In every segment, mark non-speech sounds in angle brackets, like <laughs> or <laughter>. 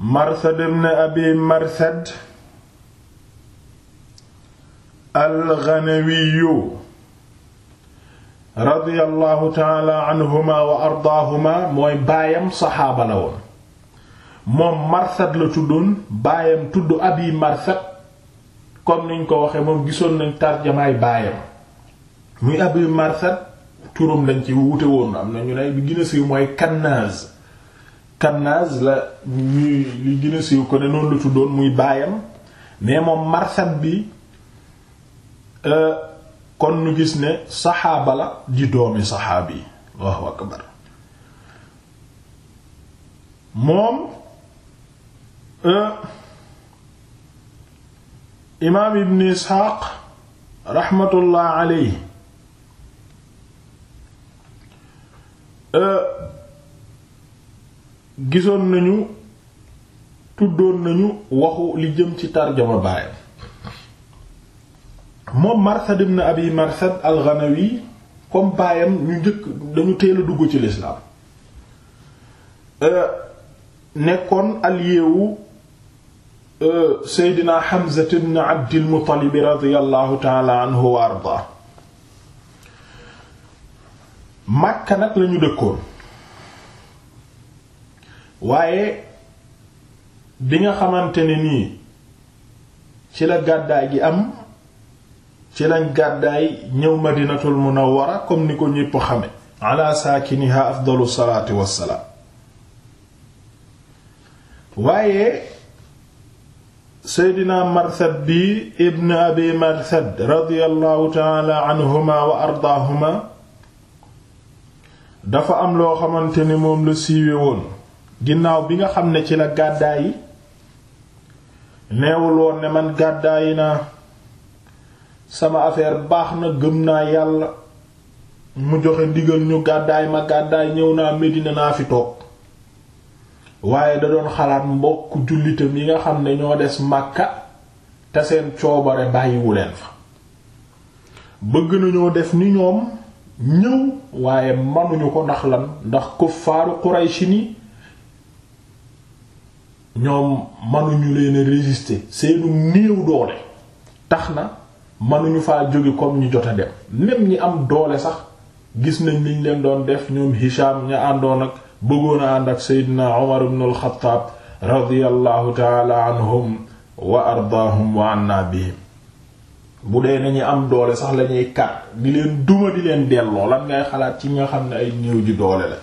marsad ibn abi marsad alghanawiyu radiyallahu taala anhuma wa ardaahuma mooy baayam saxaaba la woon moom marsad la tuddoon baayam tudd abi marsad comme niñ ko waxee moom gisoon nañ tarjamaay baayam muy abi marsad turam lañ ci wute woon am na ñu ne bi gën mooy kannaaz Kannaz la ñuy li gën a ko ne noonu la tuddoon muy baayam mais moom Marsad bi euh, kon nu gis ne saxaaba la di doomi saxaabi yi akbar moom euh, imaam Ibn Isxaaq raxmatullah alayhi euh, gisoon nañu tuddoon nañu waxu li jëm ci tarjama baayam moom Marsad ibn Abi Marsad al-Ghanawi comme baayam ñu njëkk dañu teel a dugg ci lislaam euh, nekkoon alliéewu euh, Seydina Hamza ibn Abdil Muttalib radiyallahu ta'ala anhu wa ardaa Makka nag lañu dëkkoon waaye bi nga xamante ne nii ci la gàddaay gi am ci lañ gàddaay ñëw madinatul munawwara comme ni ko ñépp xame ala saakiniha afdalu salaatu wassalaam waaye seydina marthad bi ibn abi marthad radiyallahu taala wa ardaahuma dafa am loo xamante ni moom la siiwe woon ginnaaw bi nga xam ne ci la gàddaay yi neewul woon ne man gàddaayi naa sama affaire baax na gëm naa yàlla mu joxe ndigal ñu gàddaay ma gàddaay ñëw naa Medina naa fi toog waaye da doon xalaat mbokk jullitam yi nga xam ne ñoo des Makka te seen coobare bàyyiwu leen fa bëgg nañoo def ni ñoom ñëw waaye manuñu ko ndax lan ndax kuffaaru Qurayshi ni ñoom manuñu leen résister seenu néew doole tax na manuñu faa jóge comme ñu jot a dem même ñi am doole sax gis nañ liñ leen doon def ñoom Hisham ña àndoon ak bëggoon a ànd ak Seydina Omar ibn al-Khattab radiyallahu anhum wa ardaahum wa anna bihim bu dee nañu am doole sax lañuy kat di leen duma di leen delloo lan ngay xalaat ci nga xam ne ay néew ji doole la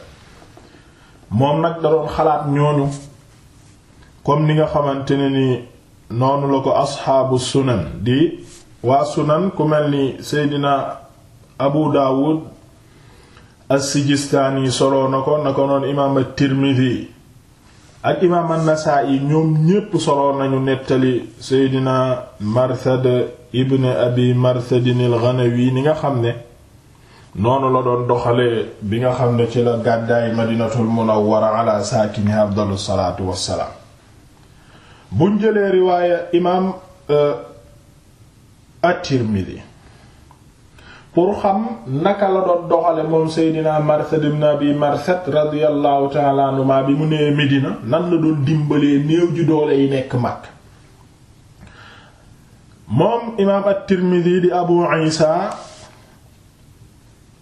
moom nag da doon xalaat ñooñu comme ni nga xamante ne ni noonu la ko asxaabu sunan di waa sunan ku mel ni seydina abu daawud as-sijistaani soloo na ko na ko noon imaam at-tirmidhi ak imaam an-nasa'i ñoom ñépp soloo nañu nettali seydina marthad ibn abi marthadin ghanawi ni nga xam ne noonu la doon doxalee bi nga xam ne ci la gàddaay madinatul munawwara ala saakini afdalu salaatu wassalaam buñ jëlee riwaaya imaam euh, at-Tirmidhi pour xam naka la doon doxale moom Seydina Marsad ibn Abi Marsad radiyallahu ta'ala bi mu nee Medina nan la doon dimbalee néew ji doole yi nekk mag moom imaam at-Tirmidhi di Abu Isa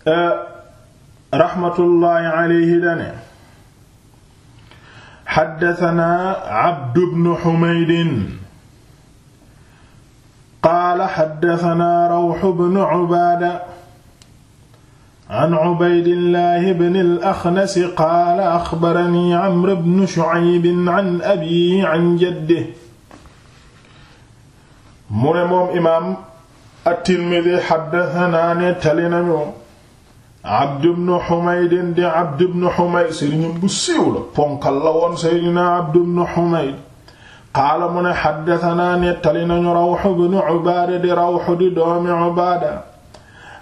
euh, rahmatullahi alayhi dane xaddasanaa Abdu bnu Xumaydin qaala xaddasanaa Rawxu bnu Cubaada an Cubaydillaahi bni al-Axnas qaala axbaranii Amr bnu Shucayb an abiihi an jaddihi mu ne moom imaam at-Tirmidi xaddasanaa nettali nañu Abd ibn Humayd di Abd ibn Humayd sëriñam bu siiw la ponkal la woon Seydina Abd ibn Humayd qaala mu ne xaddatanaa nettali nañu Rawh ibn Ubaada di Rawh di doomi Ubaada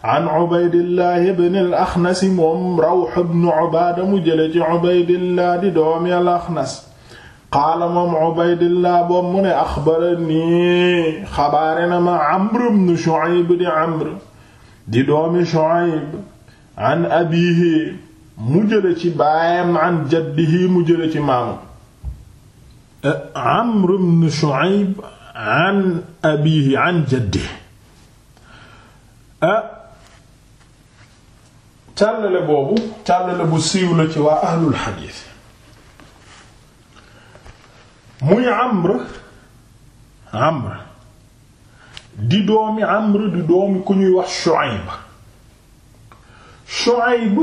an Ubaydillah ibn al-Akhnas moom Rawh ibn Ubaada mu jële ci Ubaydillah di doomi al-Akhnas qaala moom Ubaydillah boobu mu ne axbaranii xabaare na ma Amr ibn Shu'ayb di Amr di doomi Shu'ayb an abiihi mu jële ci baayam an jaddihi mu jële ci maamam Amr ibn Shu'ayb an abiihi an jaddihi ah càllale boobu càllale bu siiw la ci waa ahlul xadiis muy Amr Amr di doomi Amr di doomi ku ñuy wax Shu'ayb Shuayb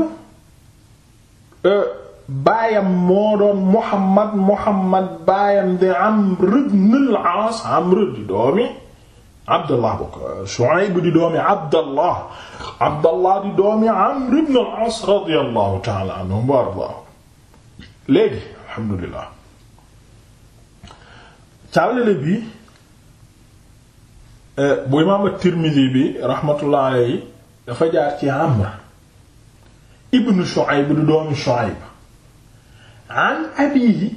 euh, baayam moo doon Muhammad Muhammad baayam di Amr ibn al-Aas Amr di doomi Abdallah bokk euh, Shuayb di doomi Abdallah Abdallah di doomi Amr ibn al-Aas radiyallahu ta'ala anhu wa ardaahu léegi alhamdulillah càllale bi euh, bu imaam at-Tirmidhi bi rahmatullah alayhi dafa jaar ci Amr ibnu Shuayb du doomi Shuayb an abiihi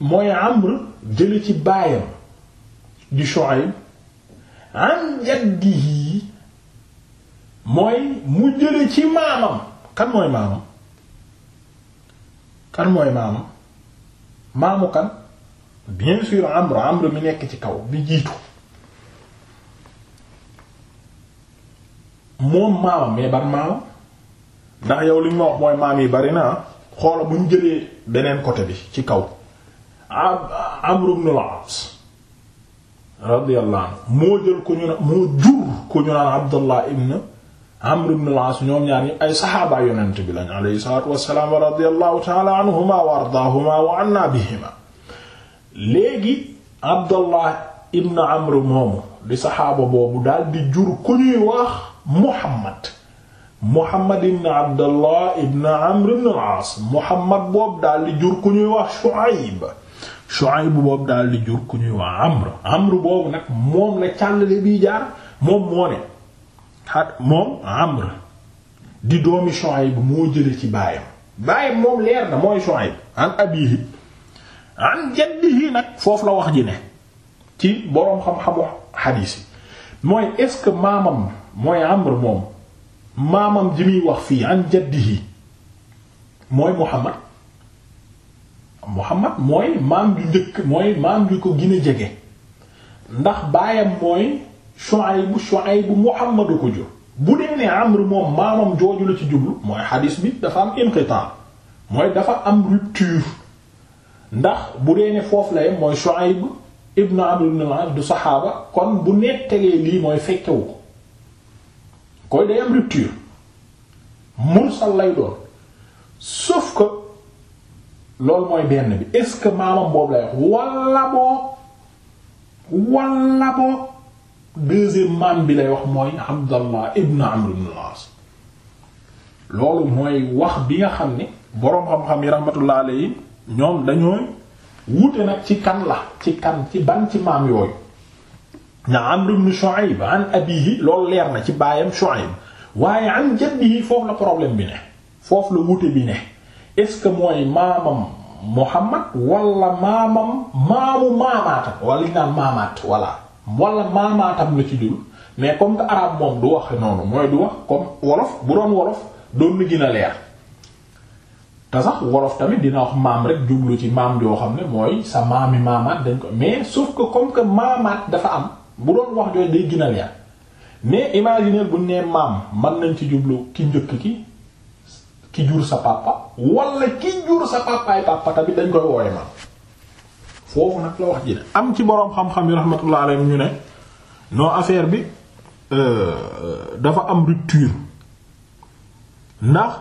mooy Amr jële ci baayam di Shuayb an jaddihi mooy mu jële ci maamam kan mooy maamam kan mooy maamam maamu bien sûr Amr Amr mi nekk ci kaw bi jiitu moom maamam mais ban maamam ndax yow li ñu ma wax mooy maam yi bari na xoola bu ñu jëlee beneen côté ci kaw Amr ibn al-As radiyallahu anhu moo jël ko ñu naan moo jur ko ñu naan Abdullah ibn Amr ibn al ñoom ñaar ay saxaaba yonent bi lañ alayhi salaatu wassalaam wa radiyallahu wa ardaahuma wa anna Abdullah ibn Amr moomu di saxaaba boobu daal di jur ku ñuy wax Muhammad Muhammad ibn Abdallah ibn Amr ibn al-As boobu daal di jur ku ñuy wax Shuayb Shuayb boobu daal di jur ku ñuy wax Amr Amr boobu nag moom la càllale bii jaar moom moo ne xat moom Amr di doomi Shuayb moo jële ci baayam baayam moom leer na mooy Shuayb an abiihi an jaddihi nag foofu la wax ji ne ci boroom xam-xamu xadiis mooy est-ce que maamam mooy Amr moom maamam ji muy wax fii an jaddihi mooy Muhammad Muhammad mooy maam ju njëkk mooy maam ju ko gën a jege ndax baayam mooy Shuayb Shuayb Muhammadu ko jur bu dee ne Amr moom maamam jooju la ci jublu mooy xadis bi dafa am inqitaa mooy dafa am rupture ndax bu dee ne foofu la mooy Shuayb ibn Amr ibn al du saxaaba kon bu nettalee lii mooy fekkewu ko koy day am rupture mursal lay doon sauf que loolu mooy benn bi est-ce que maamam boobu lay wax walla boo walla boo deuxième maam bi lay wax mooy Abdallah ibn Amr ibn loolu mooy wax bi nga xam ni boroom xam-xam yi rahmatullah ñoom dañooy wute nag ci kan la ci kan ci ban ci maam yooyu na Amr ibn Shu'ayb an abiihi loolu leer na ci baayam Shu'ayb waaye an jaddihi foofu la problème bi ne foofu la wute bi ne est-ce que mooy maamam Muhammad wala maamam maamaatam wala li ñu naan maamaatam la ci dul mais comme que arab moom du wax noonu mooy du wax comme wolof bu doon wolof doon na gën a leer te sax wolof tamit dina wax maam rek jublu ci maam yoo xam ne mooy sa maami maamaat dañ ko mais sauf que comme que maamaat dafa am. bu doon wax jooy day gën a leer mais imaginer bu nee maam man nañ ci jublu ki ki ki jur sa papa wala ki jur sa papaay papa tamit dañ koy wooye maam foofu nag la wax ji ne am ci boroom xam-xam yi rahmatullah alayhi ñu ne non affaire bi euh, dafa am rupture ndax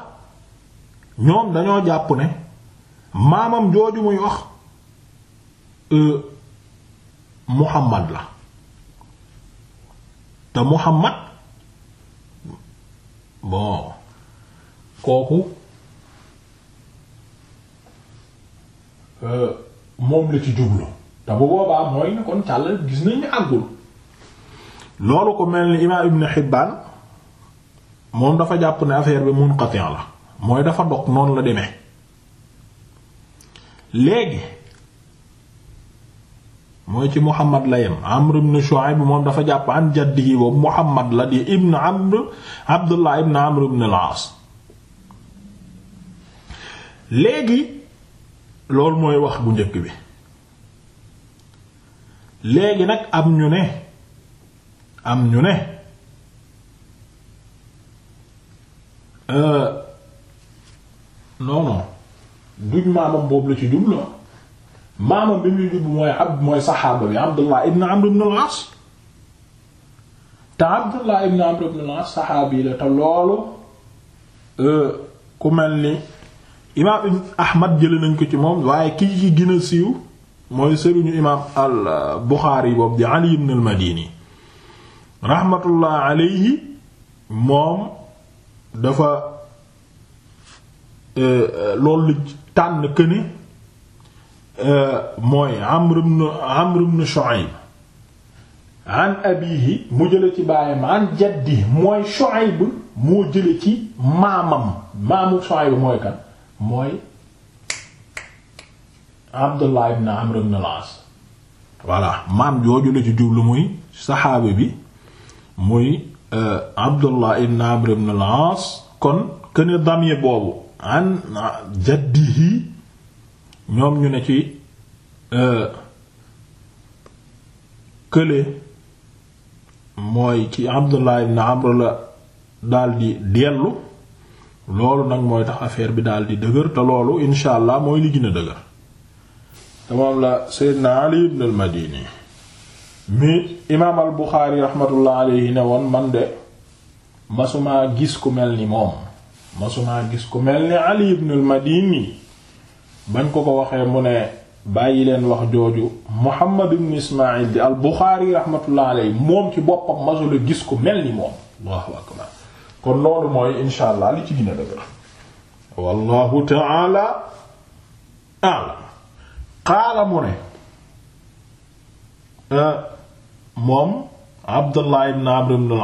ñoom dañoo jàpp ne maamam jooju muy wax euh, Muhammad la te Muhammad bon kooku euh, moom la ci jublu te mu boobaa mooy ne kon càll gis nañ ñu àggul loolu ko mel ni imaam Ibn Hibbaan moom dafa jàpp ne affaire bi munqati' la mooy dafa dog noonu la deme léegi mooy ci Muhammad la yem Amr ibn bi moom dafa jàpp an jaddihi boobu Muhammad la di ibn Amr Abdullah ibn Amr ibn al léegi loolu mooy wax bu njëkk bi léegi nag am ñu ne am ñu ne euh, non non duñ maamam boobu la ci jublu maamam bi muy jubbu mooy ab mooy saxaaba bi Abdullah ibn Amr ibn al te Abdullah ibn Amr ibn al saxaabi la te loolu euh, ku mel ni imaam ibn Ahmad jële nañ ko ci moom waaye ki ci gën a siiw mooy sëriñu imaam al Buxaari boobu di Ali ibn madini rahmatullah alayhi moom dafa euh, loolu tànn këne Euh, mooy Amr ibn Amr ibn Shu'ayb an abiihi mu jële ci baayam an jaddi mooy Shu'ayb moo jële ci maamam maamu Shu'ayb mooy kan mooy Abdullah ibn Amr ibn al-As voilà maam jooju la ci jublu muy saxaabi bi muy euh, Abdullah ibn Amr ibn al kon këne damye boobu an jaddihi ñoom ñu ne ci euh, kële mooy ci Abdullah ibn Amr la daldi dellu loolu nag mooy tax affaire bi daldi dëgër te loolu insha mooy li dëgër te moom la Seydina Ali ibn madini mi imaam al-Bukhari rahmatullah alayhi ne woon man de masumaa gis ku mel ni moom masumaa gis ku mel ni Ali ibn madini bañ ko ko waxee mu ne bàyyi leen wax jooju Muhammad ibn Ismaïl di al Buxaari rahmatullah moom ci boppam masula gis ko mel ni moom Allahu akbar kon loolu mooy insha allah li ci gën a dëgër wallahu ta'ala a'lam qaala mu eh, moom Abdullah ibn Amr ibn al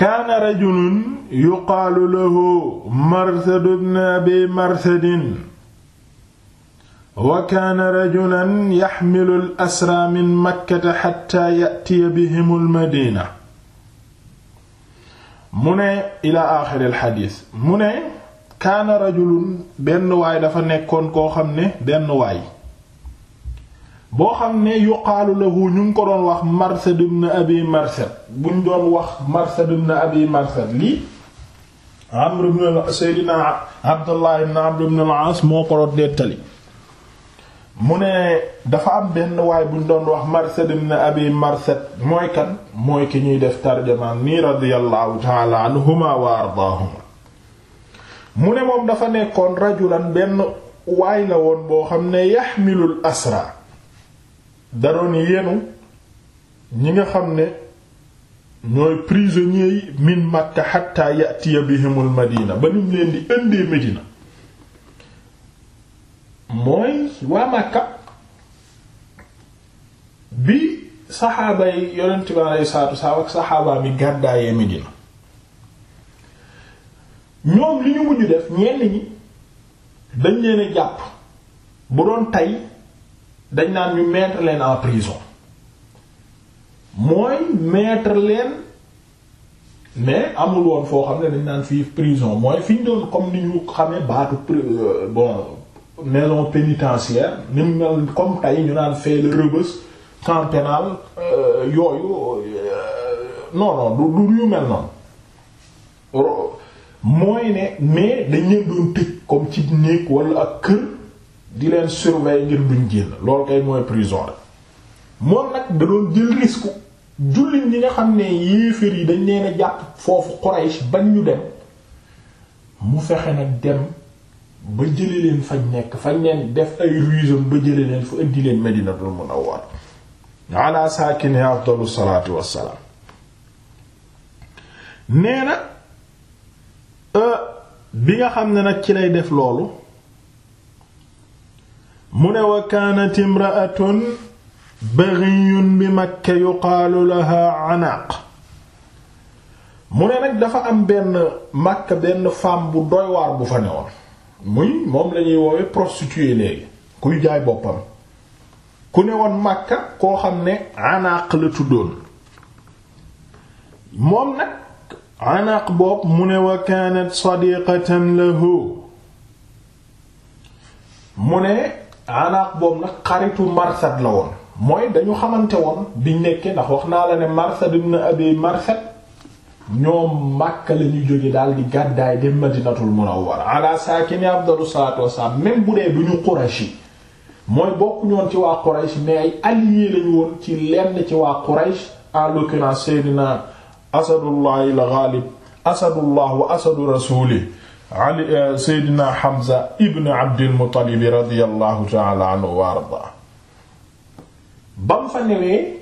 kaana rajulun yuqaalu lahu marsadu bn abi marsadin wa kaana rajulan yaxmilu al asra min makkata xatta yatiya bihim al madina mu ne ilaa aaxiril xadiis mu ne kaana rajulun benn waay dafa nekkoon koo xam ne benn waay boo xam ne yuqaalu lahu ñu ngi ko doon wax Marsad ibn Abi Marsad buñ doon wax Marsad ibn Abi Marsad lii Amr ibn moo ko doon mu ne dafa am benn waay buñ doon wax Marsad ibn Abi Marsad mooy kan mooy ki ñuy def tarjamaan nii radiyallahu ta'ala anhuma wa ardaahuma mu ne moom dafa nekkoon rajulan benn waay la woon boo xam ne yaxmilul asra daroon yenu ñi nga xam ne ñooy prisonniers yi min Makka hatta yatiya bihimul Madina ba nim leen di indee Medina mooy waa Makka bi saxaaba yi yonent bi alayhi salaatu wasalaam ak saxaaba mi gàddaayee Medina ñoom li ñu mujj def ñenn ñi dañ leen jàpp bu doon tey dañ naan ñu mettre leen en prison mooy mettre leen mais amul woon foo xam ne dañ naan fii prison mooy fi ñu doon comme ni ñu xamee baatu euh, bon maison pénitentiaire ni mu mel comme tey ñu naan fee la Rebeuss euh, yooyu euh, non non du du mel noonu mooy ne mais dañ leen doon tëj comme ci néeg wala ak kër. di leen surveiller ngir duñ génn loolu kay mooy prison rek moom nag da doon jël risque jullit ñi nga xam ne yéeféer yi dañ leen a jàpp foofu Quraysh bañ ñu dem mu fexe nag dem ba jële leen fañ nekk fañ leen def ay ruisam ba jële leen fu indi leen Madinatul Munawwar ala saakini afdalu salaatu wassalaam nee na euh, bi nga xam ne nag ci lay def loolu mu ne wa kaanat imra'atun baghiyun bi makka yuqaalu laha anaq mu ne nag dafa am benn makka benn femme bu doy waar bu fa newoon muy moom lañuy woowe prostituée léegi kuy jaay boppam ku newoon makka koo xam ne anaq la tuddoon moom nag anaq bopp mu ne wa kaanat sadiqatan lahu mu ne Anaaq boobu nag xaritu Marsad la woon mooy dañu xamante woon biñ nekkee ndax wax naa la ne Marsad ibn Abi Marsad ñoom Makka la ñu jóge daal di gàddaay dem Madinatul Munawwara ala saakini afdalu salaatu wassalaam même bu dee ñu Qurayshi mooy bokku ñoon ci waa Quraysh mais ay alliés lañu woon ci lenn ci waa Quraysh en l'occurrence Seydina Asadullah al Asadullah wa asadu rasulih ali eh, seydina Hamza ibn Abdil Muttalib radiyallahu ta'ala anhu wa arda ba mu fa newee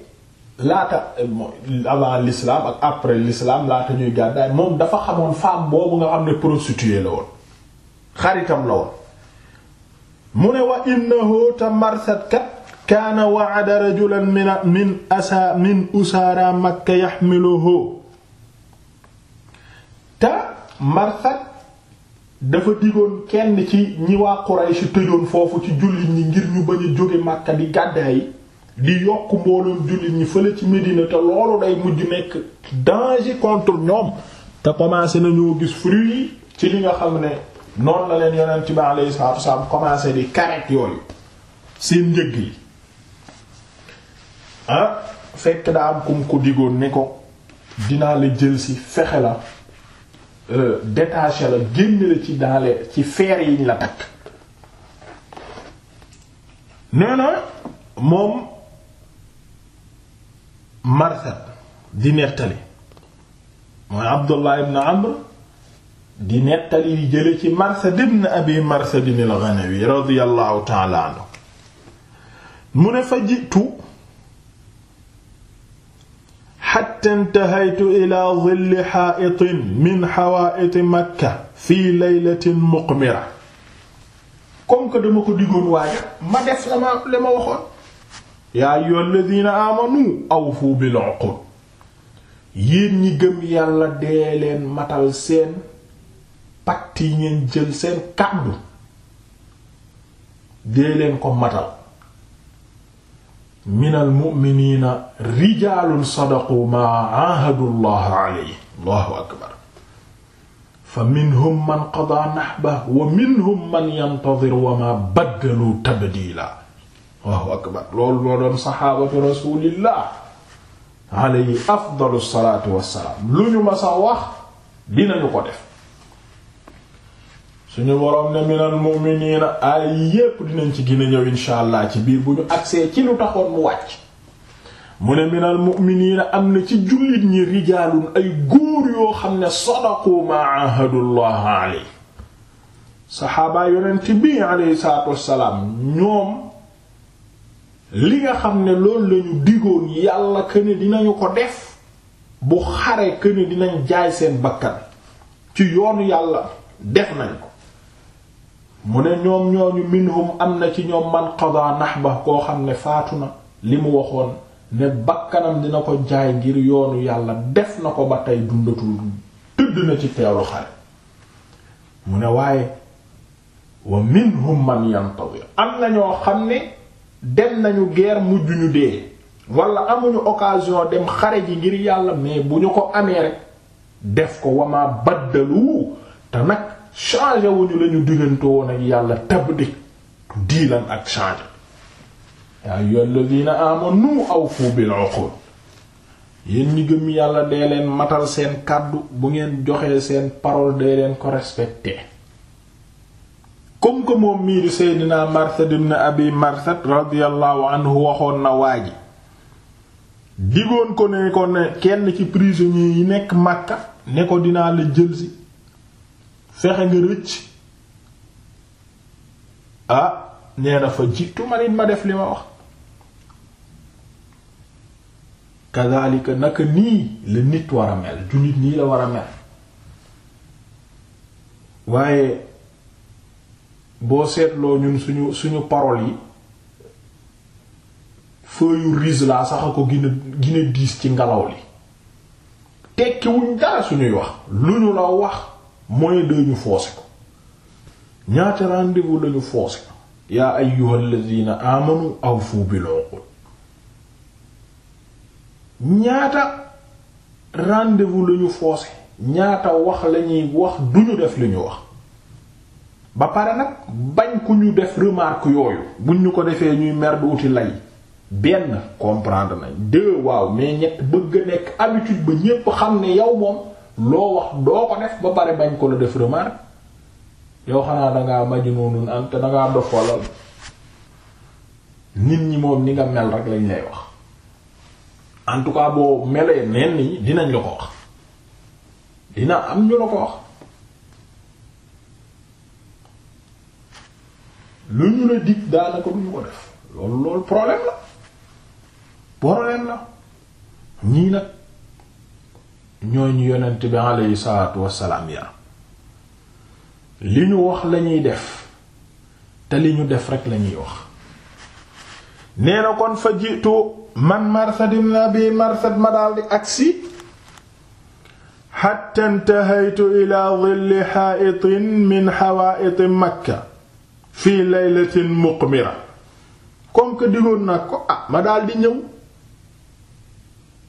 laata eh, avant l'islam ak après l'islam laata ñuy gàddaay moom dafa xamoon femme boobu nga xam ne prostituée la woon xaritam la mu ne wa innahu ta marsat kat kaana wa'ada rajulan min asa min usaara makka yaxmiluhu ta marsat dafa digoon kenn ci ñi waa Quraysh tëjoon foofu ci jullit ñi ngir ñu bañ a jóge Makka di gàddaay di yokk mbooloon jullit ñi fële ci Medina te loolu day mujj nekk danger contre ñoom te commencé nañoo gis fruit yi ci li nga xam ne noonu la leen ci bi alayhi salaatu wasalaam commencé di karet yooyu seen njëg yi ah fekk daa am kum ko digoon ne ko dinaa la jël si fexe la Euh, détaché la génn la ci daale ci feer yiñ la takk nee na moom marsad di nettali mooy abdullah ibn amr di nettali di jële ci marsad ibn abi marsadin al-ghanawi radiyallahu ta'ala anhu mu ne fa jitu xatta intahaytu ila dilli xaa'itin ñi gëm yàlla dee leen matal seen pacte yi ngeen jël seen kàddu dee leen ko matal minal mu'miniina rijaalun sadaqu maa ahadu llaha alayhi allahu akbar fa minhum man qadaa nahbahu wa minhum man yantadir wa maa baddalu tabdiila allahu akbar loolu loo doon saxaabatu rasulillah alayhi afdalu salaatu wassalaam lu ñu ma sax wax dinañu ko def suñu boroom ne minal mu'miniina ay yépp dinañ ci gën a ñëw allah ci biir bu ñu agsee ci lu taxoon mu wàcc mu ne minal mu'miniina am na ci jullit ñi rijaalun ay góor yoo xam ne sadaqu ma ahadullah aley saxaabaa yonent bi aleyhi salaatu wassalaam ñoom li nga xam ne loolu lañu digoon yàlla këne dinañu ko def bu xare këne dinañ jaay seen bakkan ci yoonu yàlla def nañ mu ne ñoom ñooñu minhum am na ci ñoom man qada ba koo xam ne faatu na li mu waxoon ne bakkanam dina ko jaay ngir yoonu yàlla def na ko ba tey dundatul tëdd na ci teewlu xare mu ne waaye wa minhum man yantazir am na ñoo xam ne dem nañu guerre mujj ñu dee wala amuñu occasion dem xare ji ngir yàlla mais bu ñu ko amee rek def ko wama baddalu te nag changé wuñu lañu diggante ak yàlla tabdi diilan ak changé yaa ayyuhal ladina amanu awfu bil uqud yéen ñi gëm yàlla dee leen matal seen kàddu bu ngeen joxee seen parole dee leen ko respecté comme que moom mii di seydina marsad ibn abi anhu waxoon na waa ji ko ne ko ne kenn ci prisonnier yi nekk Makka ne ko dinaa la jëlsi fexe nga rëcc ah nee na fa jiitu man it ma def li ma wax kadhalika naka nii la nit war a mel jullit nii la war a mel waaye boo seetloo ñun suñu suñu parole yi feuille rise laa sax a ko gën a diis ci ngelaw li tekkiwuñ dara suñuy wax lu ñu la wax mooy de ñu foose ko ñaata rendez lañu foose ko yaa ayyuhal ladina amanu awfu bil uqud ñaata rendez lañu foose ñaata wax lañuy wax duñu def li ñu wax ba pare nag bañ ku ñu def remarque yooyu buñ ñu ko defee ñuy mer di wuti lay benn comprendre nañ deux waaw mais ñett bëgg a nekk habitude ba ñépp xam ne yow moom loo wax doo ko def ba pare bañ ko la def remarque yow xanaa dangaa majnuunun am te dangaa dof walla nit ñi moom ni nga mel rek lañ lay wax en tout cas boo melee neen ni dinañ la ko wax dina am ñu la ko wax lu ñu la dig daanaka duñu ko def loolu loolu problème la problème la ñii nag ñooñu yonent bi aleyhi salaatu wassalaam ya li ñu wax lañuy def te li ñu def rek lañuy wax nee na kon fa jiitu man marsad ibn abi marsad ma daldi agsi xatta intahaytu ila dilli xaa'itin min xawaa'iti makka fii laylatin muqmira comme que digoon nag ko ah ma daldi ñëw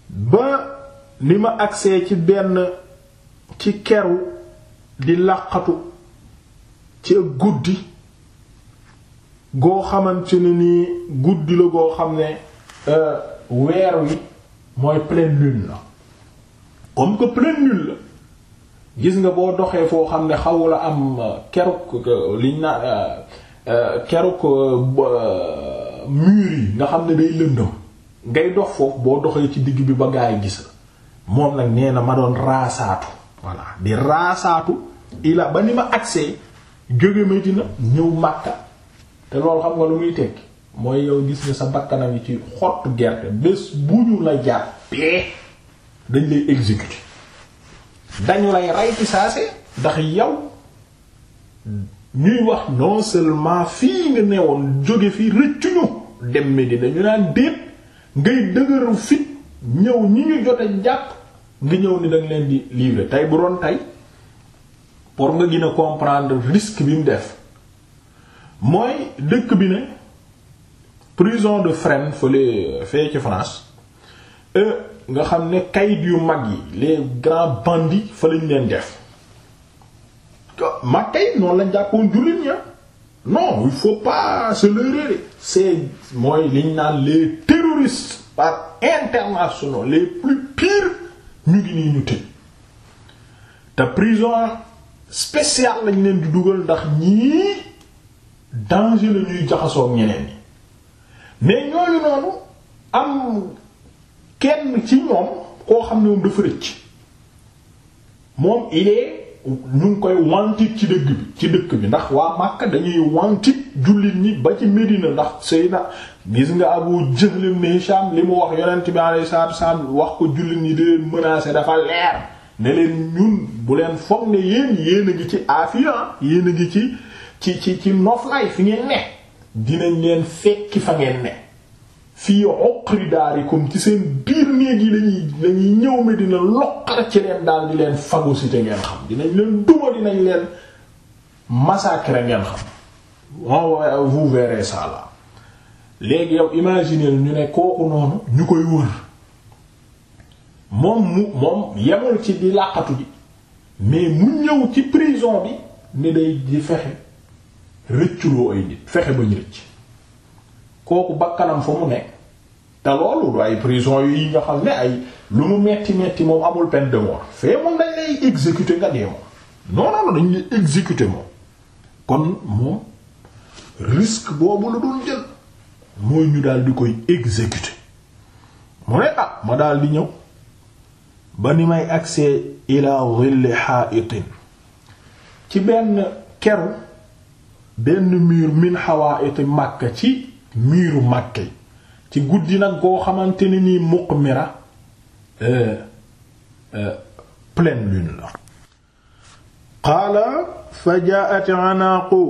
ba li ma agsee ci benn ci keru di làqatu ci ak guddi goo xamante ne nii guddi la goo xam ne euh, weer wi mooy pleine la comme que pleine la gis nga boo doxee foo xam ne xawu la am euh, keruk liñ naa euh, keruk mur nga xam ne day lëndëm ngay dox foofu boo doxee ci digg bi ba gaay gis la moom nag nee na ma doon raasaatu voilà di raasaatu ila ba ni ma agsee jóge Medina ñëw Makka te loolu xam nga lu muy tekki mooy yow gis ni sa bakkanam yi ci xottu gerte bés bu ñu la jàppee dañ lay exécuter dañu lay rey ci ndax yow ñuy wax non seulement fii nga newoon jóge fi rëccuñu dem Medina ñu naan déet ngay dëgëru fit ñëw ñi ñu jote jàpp nga ñëw ni dañ leen di livrer tey bu doon tey pour nga gën a comprendre risque bi mu def mooy dëkk bi ne prison de Fresnes fële fee ci France e, nga xam ne kayit yu mag yi les grands bandits fa lañ leen def mag kayit noonu lañ jàppoon jullit ña ah. non il faut pas se leurrer c'est mooy liñ naan les terroristes par internationaux les plus ñu ngi nii ñu tëj te prison spéciale lañ leen di dugal ndax ñii danger la ñuy jaxasoo ak ñeneen ñi mais ñooñu noonu am kenn ci ñoom koo xam ne moom dafa rëcc moom il ñu ngi koy wantit ci dëkk bi ci dëkk bi ndax waa Makka dañuy wantit jullit ñi ba ci Medina ndax Seydina gis nga Abu Jahl ibn Hisham li mu wax yonent bi alayhi salaatu wasallam wax ko jullit ñi di leen menacer dafa leer ne leen ñun bu leen foog ne yéen yéen a ngi ci afiya yéen a ngi ci ci ci ci noflaay fi ngeen ne dinañ leen fekki fa ngeen ne fii yi comme ci seen biir néeg yi lañuy lañuy ñëw mi dina loqar ci leen daal di leen phagocyté ngeen xam dinañ leen duma dinañ leen massacrer ngeen xam on oh, vous verrez ça léegi yow imaginer ñu ne kooku noonu ñu koy wër moom mu moom yemul ci di làqatu ji mais mu ñëw ci prison bi ne day di fexe rëcculoo ay nit fexe bañ rëcc kooku bakkanam fa mu nekk te loolu ay prison yi nga xam ne ay lu mu metti metti moom amul peine de mort fee moom dañ lay exécuter nga dee moom non non dañ lay exécuter moom kon moom risque boobu la doon jël mooy ñu daal di koy exécuter mu ne ah ma daal di ñëw ba ni may accès ila dhilli ha'itin ci benn keru benn mur min hawa'it Makka ci miiru Màkke ci guddi nag goo xamante ni nii muqmira euh, euh, pleine lune la qaala fa jaat anaaqu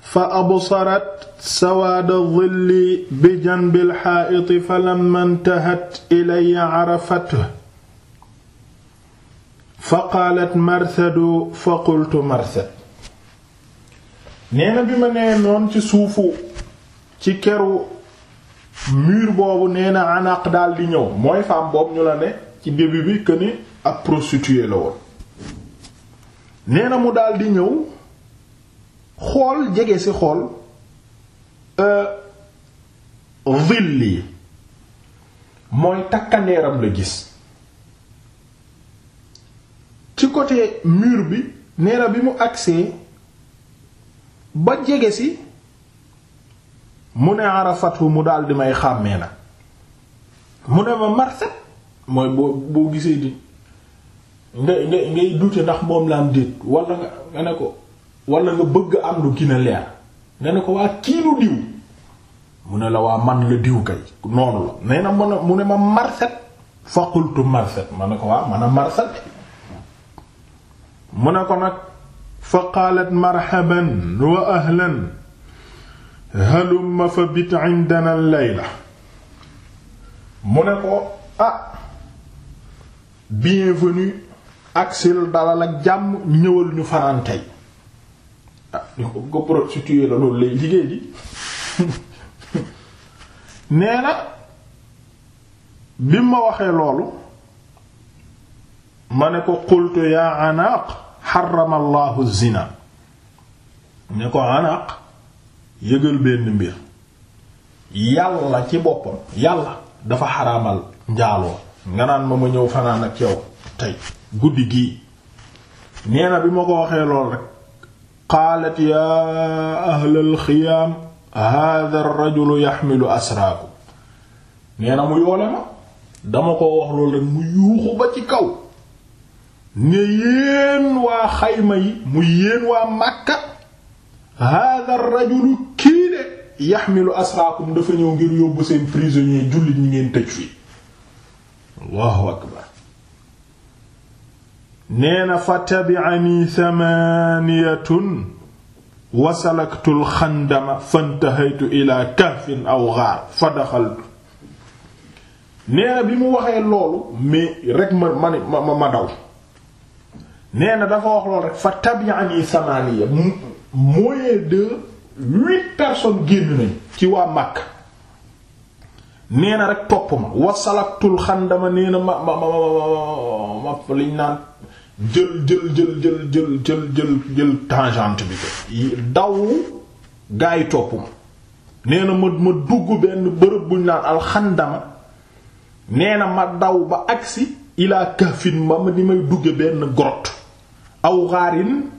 fa absarat sawaada dilli bi janbi alxaaiti fa lamma intahat ilaya arafathu fa qaalat marsadu fa qultu marsad nee bi ma nee noon ci suufu ci këru mur boobu nee na anaq daal ñëw mooy femme boobu ñu la ne ci début bi que ni ab prostituée la woon nee mu daldi ñëw xool jege ci xool villi euh, mooy takkandeeram la gis ci côté mur bi nee bi mu agsee ba jege si mu ne arafatu mu daal di may xàmmee nag mu ne ma marset mooy boo boo gisee di nga nga ngay duute ndax moom la am déet wala nga nga ne ko wala nga bëgg am lu a ne ko waa kiilu diw mu ne la waa man la diw kay noonu la nee na mu ne ma marset faqultu marset ma ne ko waa man a marset mu ne ko nag fa qaalat marxaban wa ahlan halumma fa bit indana layla mu ne ko ah bienvenue aksil dalal ak jàmm ñëwal ñu fanaan tey ah ko ko prostitué la loolu lay liggéey di <laughs> nee na bi ma waxee loolu ma ne ko qultu yaa anaaq xarama llahu zina ne ko anaq yëgal benn mbir yàlla ci boppam yàlla dafa xaraamal njaaloo nga naan ma ma ñëw fanaan ak yow tey guddi gii nee bi ma ko waxee lool rek qaalat yaa ahlal xiyaam hada rajulu yaxmilu asraakum nee mu yoole ma dama ko wax lool rek mu yuuxu ba ci kaw ne yéen waa xayma yi mu yéen waa Makka hada rajulu kii de yaxmilu asraakum dafa ñëw ngir yóbbu seen prisonnier jullit ñi ngeen tëj fii allahu akbar nee na fa tabi'ani thamaniyatun wasalaktu alxandama fantahaytu ila kahfin aw gaar fa daxaltu nee bi mu waxee loolu mais rek ma ma ma ma daw nee na dafa wax lool rek fa tabi'ani samaniya moyen de huit personnes génn nañ ci waa Makka nee rek topp ma wasalaktul xandama nee ma naan jël jël daw gaa yi topp ma nee nee na ma daw ba agsi ilaa kahfin ma ma ni may dugge benn grotte aw xaarin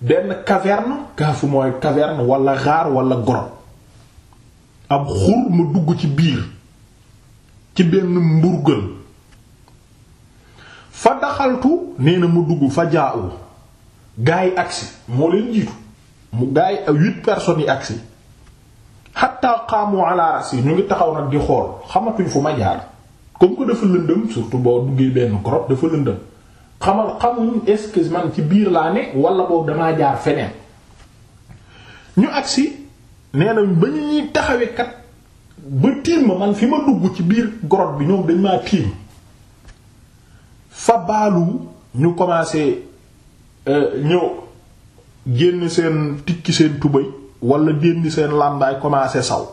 benn caverne kaafu mooy caverne walla xaar wala grotte ab xur mu dugg ci biir ci benn mburgal fa daxaltu nee na mu dugg fa jaa u gaa yi agsi moo leen jiitu mu gaa yi huit personnes yi agsi hatta qaamu ala rasi ñu ngi taxaw nag di xool xamatuñ fu ma jaar comme que dafa lëndëm surtout boo duggee benn grotte dafa lëndëm xamal xamuñ est ci biir laa ne wala boobu damaa jaar feneen ñu agsi nee na ba ñu ñuy taxawee kat ba tiim ma man fi ma dugg ci biir grotte bi ñoom dañ maa tiim fa baalu ñu commencé euh, ñëw génn seen tikki seen tubay wala génn seen làmbaay commencé saw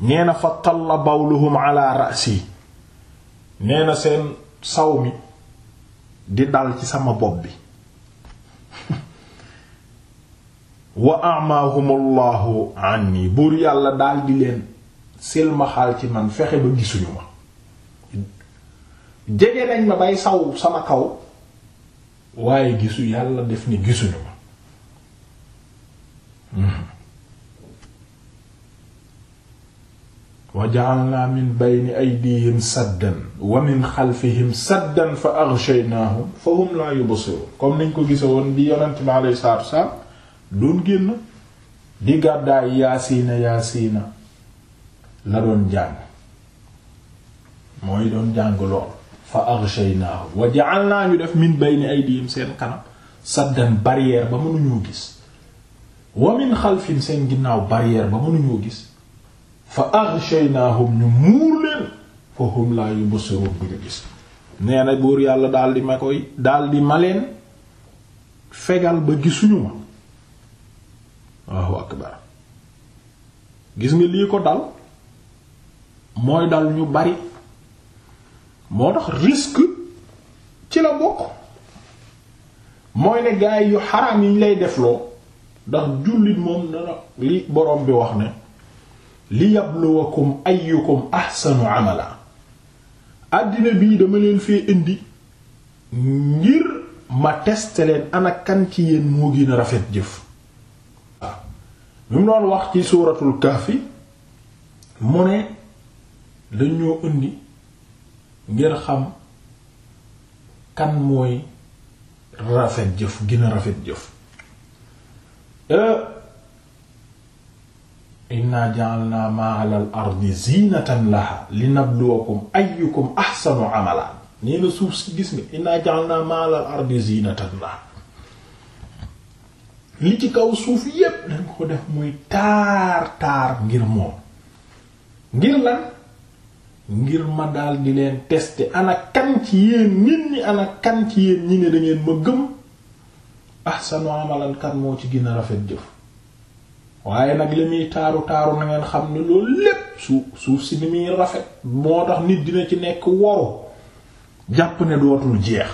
nee na fa talla bawluhum ala rasi na seen saw mi di dal ci sama bopp bi <laughs> wa amahumullahu anni buur yàlla daal di leen silmaxaal ci man fexe ba gisuñu ma jege nañ ma bay saw sama kaw waaye gisu yàlla def ni gisuñu ma hmm. wa ja'alna min bayni aydihim saddan wa min ko gisa woon bi yonent bi di gàddaay yaasiina mooy doon jàng lool fa aghshaynahum ñu def min bayni aydihim seen kanam saddan barrière ba mënuñoo gis wa min xalfihim seen ginnaaw barrière ba mënuñoo gis fa aghshaynahum ñu muur leen fa hum la yubsirun bu ñu gis nee na buur yàlla dal di ma koy daal di ma leen fegal ba gisuñu ma Allahu akbar gis nga lii ko dal mooy dal ñu bari moo tax risque ci la bokk mooy ne gaay yu xaraam yi lay defloo ndax jullit moom dana li borom bi wax ne li yabluwakum ayyukum ahsanu amala àddina bii dama leen fee indi ngir ma teste leen ana kan ci yéen moo gën a rafet jëf waaw mu wax ci suuratul kahfi mu ne dañoo indi ngir xam kan mooy rafet jëf gën a rafet jëf euh, inna ja'alna ma'al al ardi zinatan laha linabluwakum ayyukum ahsanu amala nee suuf si gis nga inna ja'alna ma'al al ardi zinatan laha li ci kaw suuf yépp dañ ko def muy taar taar ngir moom ngir lan ngir ma daal leen tester ana ci yéen nit ñi ana ci yéen ñi ne da ma gëm ahsanu amalan moo ci gën rafet jëf waaye nag li muy taaru taaru na xam ne loolu lépp suuf si ni muy rafet moo tax nit dina ci nekk waru jàpp ne dootul jeex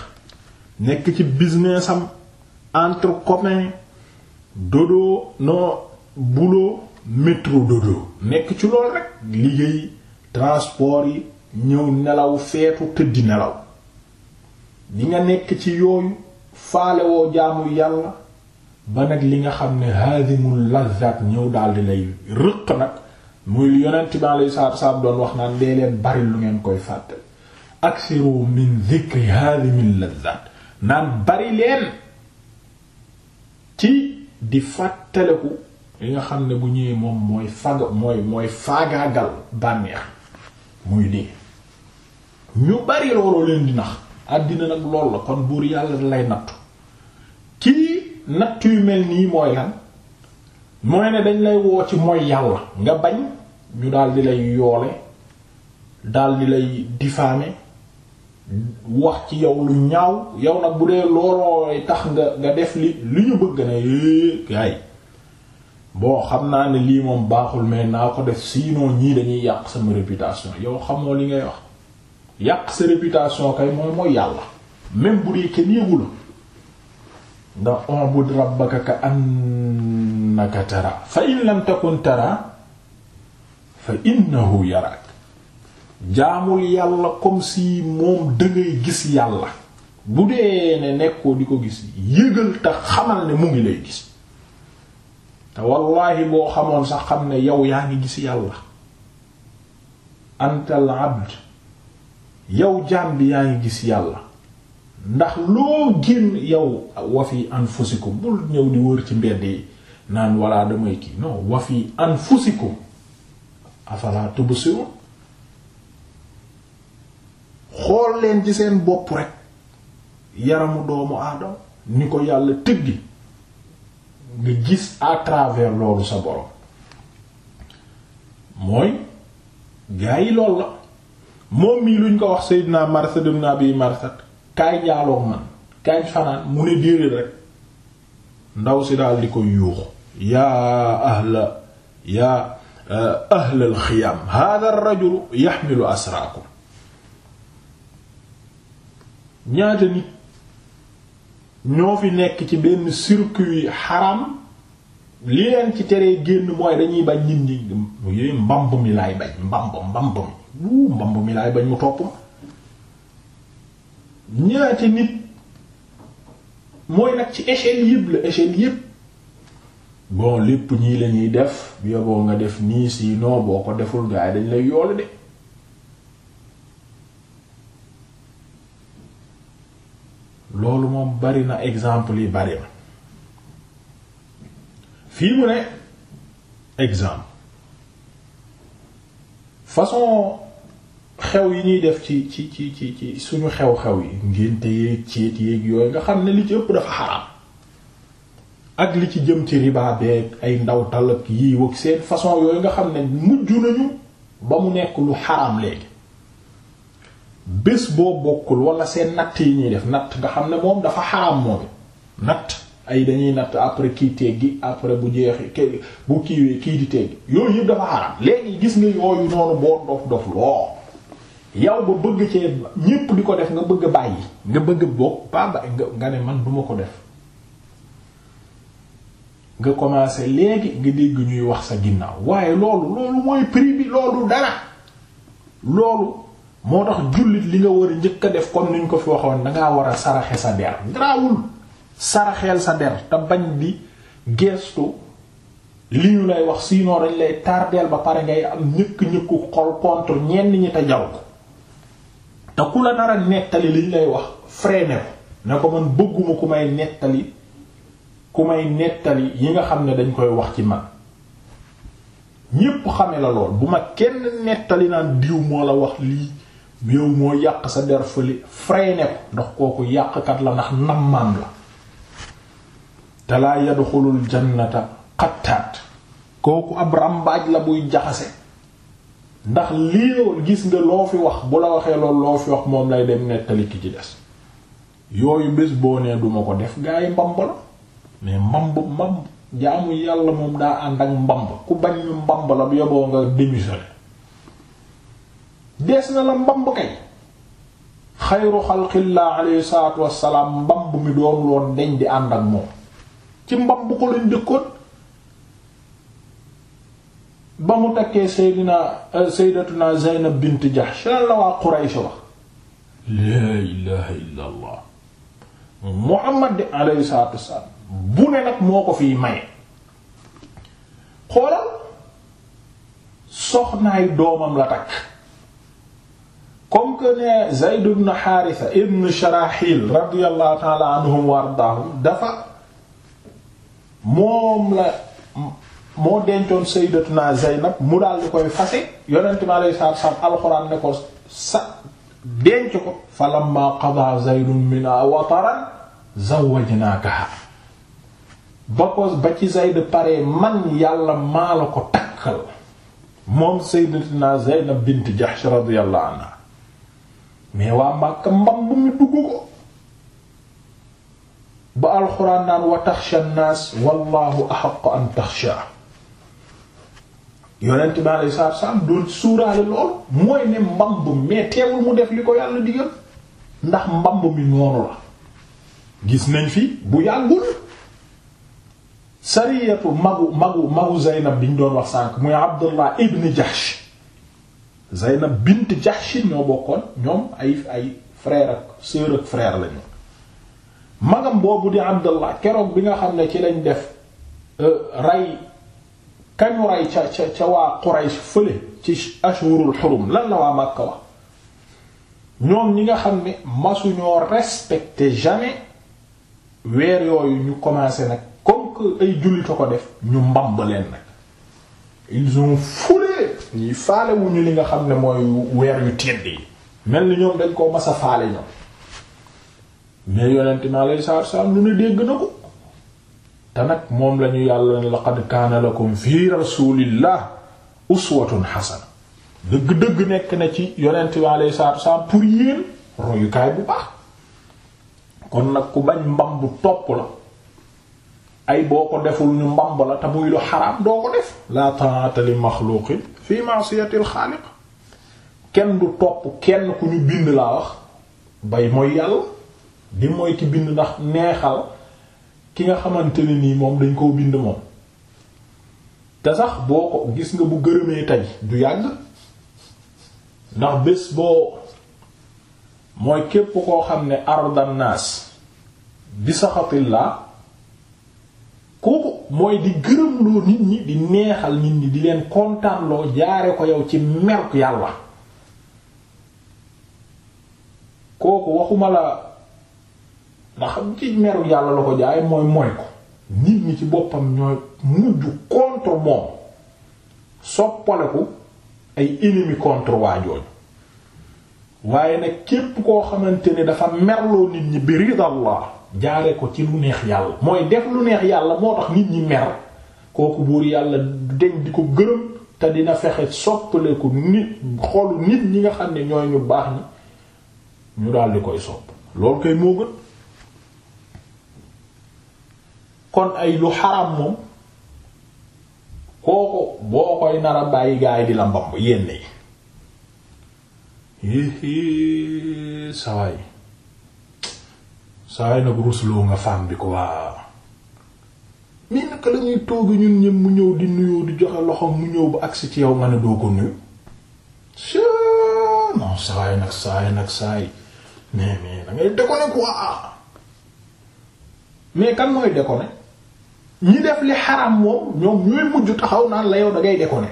nekk ci business am entre commun dodo no boulot métro dodo nekk ci lool rek liggéey transport yi ñëw nelaw feetu këddi nelaw di nga nekk ci yooyu faale woo jaamu yàlla ba nag li nga xam ne haazimul lazat ñëw daldi lay rëq nag muy li yonent bi alayhi salaatu doon wax naan dee leen bari lu ngeen koy fàttali aksiru min zikri haazimil lazat naan bari leen ci di fàttaliku li nga xam ne bu ñëwee moom mooy faga mooy mooy bànneex muy dee ñu bari looloo leen di nax àddina nag lool la kon buur yàlla lay nattu kii natt yu mel nii mooy lan mooy ne dañ lay woo ci mooy yàlla nga bañ ñu daal di lay yoole daal di lay diffamer wax ci yow lu ñaaw yow nag bu dee loolooy tax nga nga def li li ñu bëgg ne é eh, gaay boo xam naa ne lii moom baaxul mais naa ko def sinon ñii dañuy yàq sama réputation yow xamoo li ngay wax yàq sa réputation kay mooy mooy yàlla même bu dee kenn yëgu ndax ubud rabbaka ka annaka tara fa in lam fa innahu yaraak jaamul yàlla comme si moom dangay gis yàlla bu dee ne nekkoo di ko gis yëgal te xamal ne mu ngi lay gis te wallaahi boo xamoon sax xam ne yow yaa ngi gis yàlla antal abd yow jaam bi yaa ngi gis yàlla ndax loo génn yow wa fi anfusikum bul ñëw di wër ci mbedd yi naan walla damay kii non wa fi anfusikum afala tubsirun xool leen ci seen bopp rek yaramu doomu aadama ni ko yàlla tëggi nga gis à travers loolu sa borom mooy gaa yi lool la moom mii luñ ko wax Seydina Marsad ibn Abi Marsad kaay jaaloog man kaay fanaan mu ne déedéet rek ndaw si daal di ko yuux yaa ahla yaa eh, ahlal xiyaam hada rajulu yaxmilu asraakum ñaata nit ñoo fi nekk ci benn circuit xaram li leen ci teree génn mooy dañuy bañ nit ñi mbamb mi laay bañ mbamb mbamb mi wuu mbamb mi laay bañ mu topp ma ñaata nit mooy nag ci échelle yëpp la échelle yëpp bon lépp ñii la ñuy def yoboo nga def nii sinon boo ko deful gaa yi dañ lay yoolu de loolu moom bari na exemple yi bari na fii mu ne exemple façon xew yi ñuy def ci ci ci ci ci suñu xew-xew yi ngénte yeeg céet yeeg yooyu nga xam ne li ci ëpp dafa xaraam ak li ci jëm ci riba beeg ay ndaw talak yi wëg seen façon yooyu nga xam ne mujj nañu ba mu nekk lu xaraam léegi bés boo bokkul wala seen natt yi ñuy def natt nga xam ne moom dafa xaraam moom natt ay dañuy natt après kii teggi après bu jeex ke bu kiiwee kii di teggi yooyu yëpp dafa xaraam léegi gis nga yooyu noonu boo dof dof loo yow ba bëgg cee ñépp di ko def nga bëgg a bàyyi nga bëgg bokk ba ba nga ne man duma ko def nga commencé léegi nga dégg ñuy wax sa ginnaaw waaye loolu loolu mooy prix bi loolu dara loolu moo tax jullit li nga war a njëkk a def comme ni ko fi waxoon dangaa war a saraxe sa der garaawul saraxeel sa der te bañ di gestu li ñu lay wax sinon dañ lay del ba pare ngay am ñëkk ñëkku xol contre ñenn ñi a jaw ko te ku la dara nettali liñ lay wax freiné ko ne ko man bëgguma ku may nettali ku may nettali yi nga xam ne dañ koy wax ci man ñépp xame la lool bu ma kenn nettali naan diw moo la wax lii yow moo yàq sa der fële freiné ko ndax kooku yàqkat la ndax nammaam la te laa yadxulul jannata xattaat kooku ab rambaaj la buy jaxase ndax lii loolu gis nga loo fi wax bu la waxee lool loo fi wax moom lay dem nettali ki ci des yooyu bés boo nee duma ko def gaa yi mbamb la mais mbamb mbamb jaamu yàlla moom daa ànd ak mbamb ku bañ ñu mbamb la bu yoboo nga démissionné na la mbamb kay xayru xalqillah alayhi salaatu wassalaam mbamb mi doon loon deñ di ànd ak moom ci mbamb ko lañ dëkkoon ba mu takkee Seydina euh, Seydatuna Zeynab bint la waa Quraysh wax laa ilaha illa allah Muhammad di alayhi salaatu wassalaam bu ne nag moo ko la takk comme que ne Zayd ibn ibn Sharahil radiyallahu ta'ala anhum wa ardaahum dafa moom la moo dencoon sayyidatuna Zaynab mu daal di koy fase yonent mi alayhi salaatu salaam alxuraan ne ko sa denc ko falammaa qadaa Zaydun minhaa wataran zawwajnaakaha ba ko ba ci Zayd pare man yàlla maa la ko takkal moom sayyidatuna Zaynab bint Jahsh radiyallahu anha mais waa Makka mbam bu mu dugg ko ba alxuraan naan wa taxsha an-naas wallaahu an taxshaa yonent bi alei saatu salaam doon suuraale loolu mooy ne mbamb mais teewul mu def li ko yàlla digal ndax mbamb mi noonu la gis nañ fi bu yàggul sariyatu magu magu magu Zeynab bi ñu doon wax sànk muy Abdullah ibn Jahsh Zeynab bint Jahsh ñoo bokkoon ñoom ay ay frère ak sœur ak frère lañu magam boobu di Abdullah keroog bi nga xam ne ci lañ def euh, rey kañu rey ca ca ca waa Quraysh fële ci ashurul xurum lan la waa Makka wax ñoom ñi nga xam ne masuñoo respecté jamais weer yooyu ñu commencé nag comme que ay jullit a ko def ñu mbamb leen nag ils ont foulé faale wu ñu li nga xam ne mooy weer yu tedd yi mel ni ñoom dañ koo mas a faale ñoom mais yonente mi aleyhi salaatu wa salaam lu ne dégg na ko te nag moom lañu yàlla ne laqad kaana lakum fi rasulillah uswatun hasana dëgg-dëgg nekk na ci yonent bi alayhi salaatu pour yéen royukaay bu baax kon nag ku bañ mbam bu topp la ay boo ko deful ñu mbamb la te muy lu xaraam doo ko def la ta'ata li fi ma'siyati al kenn du topp kenn ku ñu bind laa wax bay mooy yàlla di mooy ki bind ndax neexal ki nga xamante ne nii moom dañ koo bind moom te sax boo ko gis nga bu gërëmee tey du yàgg ndax bés boo mooy képp koo xam ne ardan naas bi saxatillaa kooku mooy di gërëmloo nit ñi di neexal nit ñi di leen kontaanloo jaare ko yow ci merk yàlla kooku waxuma la ndax ci meru yàlla la ko jaay mooy mooy ko nit ñi ci boppam ñooy mujj contre moom soppaleku ay ennemi contre waa jooju waaye nag képp koo xamante ni dafa merloo nit ñi bi ridallah jaare ko ci lu neex yàlla mooy def lu neex yàlla moo tax nit ñi mer kooku buur yàlla deñ di ko gërëm te dina fexe soppaleku nit xolu nit ñi nga xam ne ñooy ñu baax ñi ñu daal di koy sopp loolu koy moo gën kon ay lu xaram moom kooku boo koy nar a bàyyi gaay di la mbamb yenn yi sawaay sawaay nag rusloo nga femme bi ko waa mii naka la ñuy toog ñun ñëpp mu ñëw di nuyoo di joxe loxo mu ñëw ba agsi ci yow nga ne doo ko nuyu non sawaay nag sawaay nag sawaay mais mais da ngay déconner quoi mais kan mooy déconner ñi def li xaram moom ñoom ñooy mujj taxaw naan la yow da ngay déconner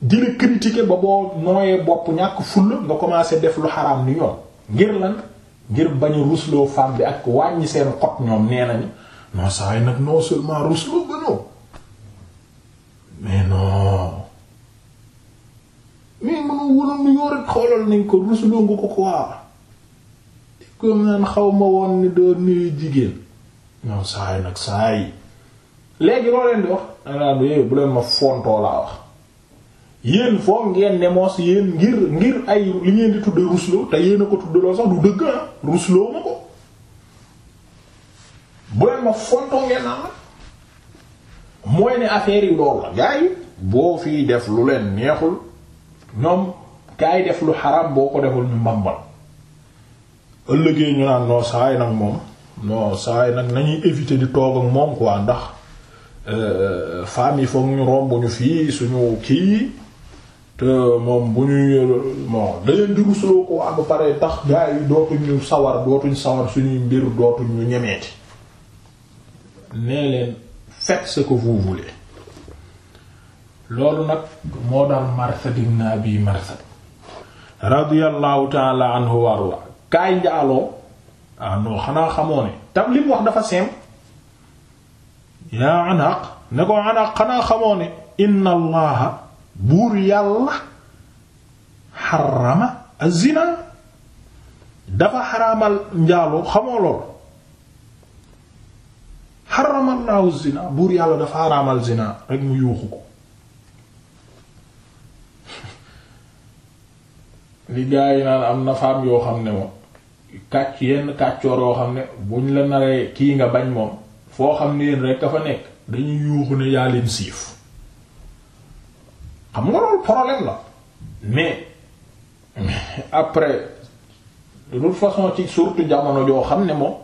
di la critiquer ba boo nooyee bopp ñàkk fulla nga commencé def lu xaram ni rusloo femme bi ak wàññi seen xot ñoom nee nañu non saa yi nag non seulement rusloo gënoo mais non mais mënu wulon nu yoo rek xoolal nañ ko rusloo nga ko quoi di ko naan xaw ma woon ni doo nuyu jigéen ñoom saa yi nag saa yi léegi loo leen di wax dangaa doyee eh, bu leen ma fontoo laa wax yéen foog ngeen ne moos yéen ngir ngir ay li ngeen di tudde rusloo te yéen ko tuddaloo sax du dëgg ah rusloo ma ko bu leen ma fontoo ngeen naa mooy ne affaire yi la gaa yi boo fiy def lu leen neexul ñoom gaa yi def lu xaram boo ko deful ñu mbambal ëllëgee ñu naan noo saay nag moom non saa yi nag nañuy éviter di toog ak moom quoi ndax euh, femmes yi foog ñu romb ñu fii suñu kii te moom bu ñuy bon da leen di rusloo ko ak pare tax gars yi dootuñu sawar dootuñ sawar suñuy mbir dootuñ ñu ñemeeti nee leen faites ce que vous loolu nag moo daal Marsad ibn Abi Marsad radiyallahu ta'ala anhu warla kaay njaaloo ah non xanaa xamoo ne tam li wax dafa seem yaa anaq ne ko anaq xanaa xamoo ne inna allaha buur yàlla xarama azina dafa xaraamal njaaloo xamoo lool xaramallahu zina buur yàlla dafa xaraamal zina rek mu yuuxu ko <laughs> li naan am na yoo xam ne moom kàcc yenn kàccoor yoo xam ne ñu la naree kii nga bañ moom foo xam ne yéen rek a nekk dañuy yuuxu ne yaa leen siif xam nga loolu problème la mais <laughs> après de toute façon ci surtout jamono joo xam ne moom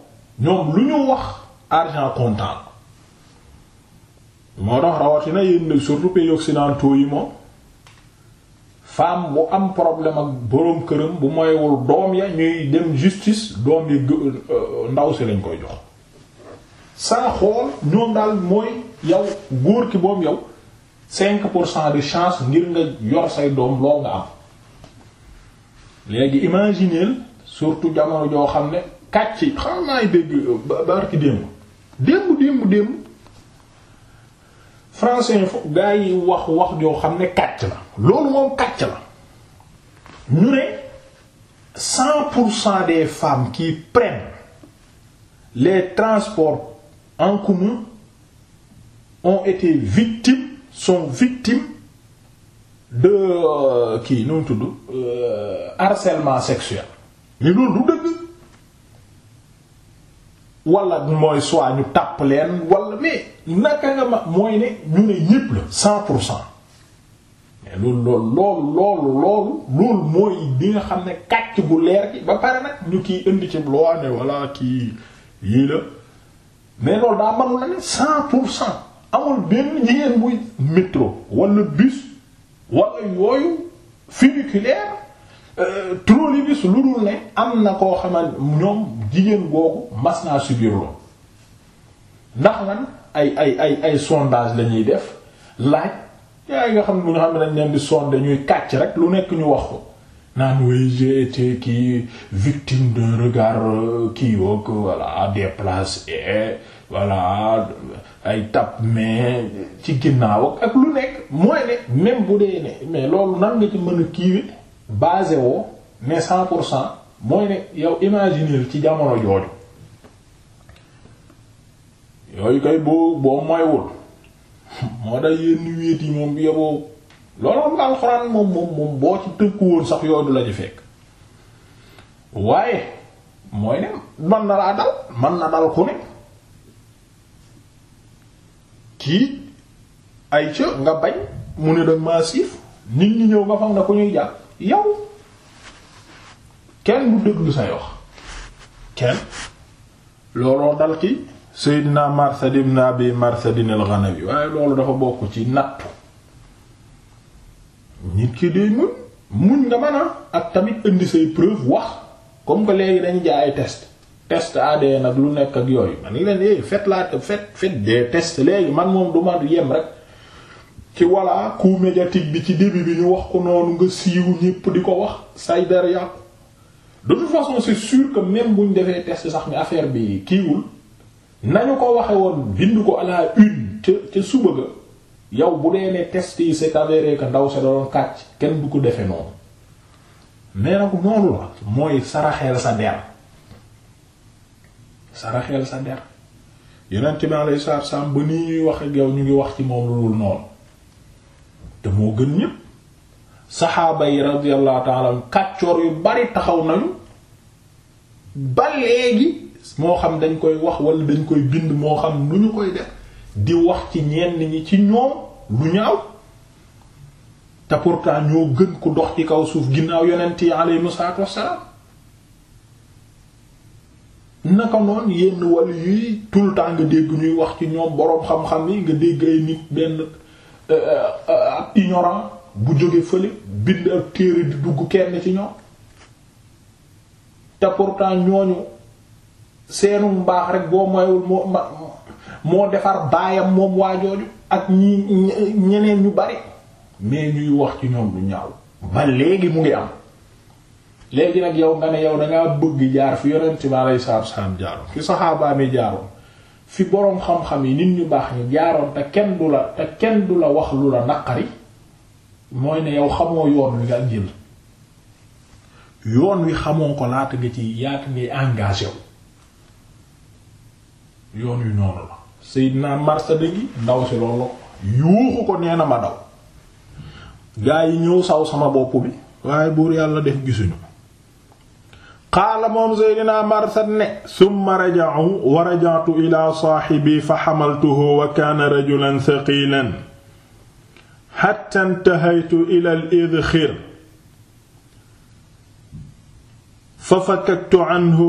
ñoom lu ñu wax argent comptant moo tax rawatina yéen surtout pays occidentaux yi moom femme bu am problème ak boroom këram bu moywul doom ya ñuy dem justice doom yi euh, ndaw si lañ koy jox saa xool ñoom daal mooy yow góor ki boom yow cinq pour cent de chance ngir nga yor say doom loo nga am léegi imagineel surtout jamono joo xam ne kàcc xam naa barki démb démb démb démb français info gaa wax wax joo xam ne kàcc la loolu moom kàcc la ñu ne cent pour cent des femmes qui prennent les transports en commun ont été victimes sont victimes de euh, kii nu mu tudd euh, harcèlement sexuel mais loolu du dëgg wala mooy soit ñu tàpp leen wala mais naka nga ma mooy ne ñu ne ñépp la cent pour cent mais loolu loolu loolu loolu mooy di nga xam ne kàcc bu leer gi ba pare nag ñu kiy indi ci loo ne wala kii yii la mais loolu daa manu la ne cent pour cent amul benn jigéen buy métro wala bus wala yooyu funiculaire trolibus lu dul ne am na koo xaman ñoom jigéen googu mas naa subir ndax man ay ay ay ay sondage lañuy def laaj yaay nga xam ne bu ñu xam ne dañ leen di sonder ñuy kàcc rek lu nekk ñu wax ko naan oui j'ai été kii victime d'un regard euh, kii woog voilà déplacé voilà ay tap mais ci ginnaaw ak lu nekk mooy ne même bu dee ne mais loolu nan nga ci mën a kiiwe basé woo mais cent pour cent mooy ne yow imaginer ci jamono jooju yooyu koy boo boo moywul moo tax yenn wéet yi moom yoboo loolu sax yooyu la ñu waaye mooy ne man na laa dal man na dal ku ne kii ay ca nga bañ mu ne da maasif nit ñi ñëw nga fam na ku ñuy jàpp yow kenn du déglu say wax kenn looloo dal ki Seydina Marsad ibn Abi Marsad al-Ghanawi waaye loolu dafa bokk ci nattu nit ki day muñ muñ nga mën ak tamit indi say preuve wax comme que léegi dañ jaay test test ADN ak lu nekk ak yooyu man leen eh faites la faites faites des tests man moom du ma yem rek. ci walla coup médiatique bi ci début bi ñu wax ko noonu nga siiw ñépp di ko wax say der yàqu de toute façon c'est sûr que même buñ defee test sax ni affaire bi kiiwul nañu ko waxe woon bind ko à la une ca suba ga yow bu dee ne test yi c'est avéré ndaw sa doon kàcc kenn du ko defee noonu mais nag noonu la mooy saraxeel sa der saraxeel sa der yonent bi alayhi salaam ba ni ñuy wax ak yow ñu ngi wax ci moom lu dul noonu te moo gën ñépp saxaaba yi radiyallahu ta'ala kàccoor yu bari taxaw nañu ba léegi moo xam dañ koy wax wala dañ koy bind moo xam nu ñu koy def di wax ci ñenn ñi ci ñoom lu ñaaw te pourtant ñoo gën ku dox ci kaw suuf ginnaaw yonent yi aleyhimu salaatu wassalaam naka noonu yenn wàllu yuy tout le temps nga dégg ñuy wax ci ñoom boroom xam-xam yi nga dégg ay nit benn Euh, euh, euh, ab ignorant bu jóge fële bind ak téere di dugg kenn ci ñoom te pourtant ñooñu seenu mbaax rek boo moywul moo moo defar baayam moom waa waajooju ak ñi ñeneen ñu bari mais ñuy wax ci ñoom lu ñaaw ba léegi mu ngi am léegi nag yow nga ne yow dangaa bëgg jaar fi yonent bi alayhi salaatu wassalaam jaaroon fi saxaabaami jaaroon fi boroom xam-xam yi nit ñu baax ñu jaaroon te kenn du la te kenn du la wax lu la naqari mooy ne yow xamoo yoon wi nga jël yoon wi xamoo ko laata nga ci yaat ngay engagé yoon wi noonu la Seydina Marsad gi ndaw si loolu yuuxu ko nee na ma daw gaa yi ñëw saw sama bopp bi waaye buur yàlla def gisuñu qaala moom Seydina Marsad ne summa raja'u wa raja'tu ila saahibi fa hamaltuhu wa kaana rajulan thaqilan hatta intahaytu ila al-idkhir fa fakaktu anhu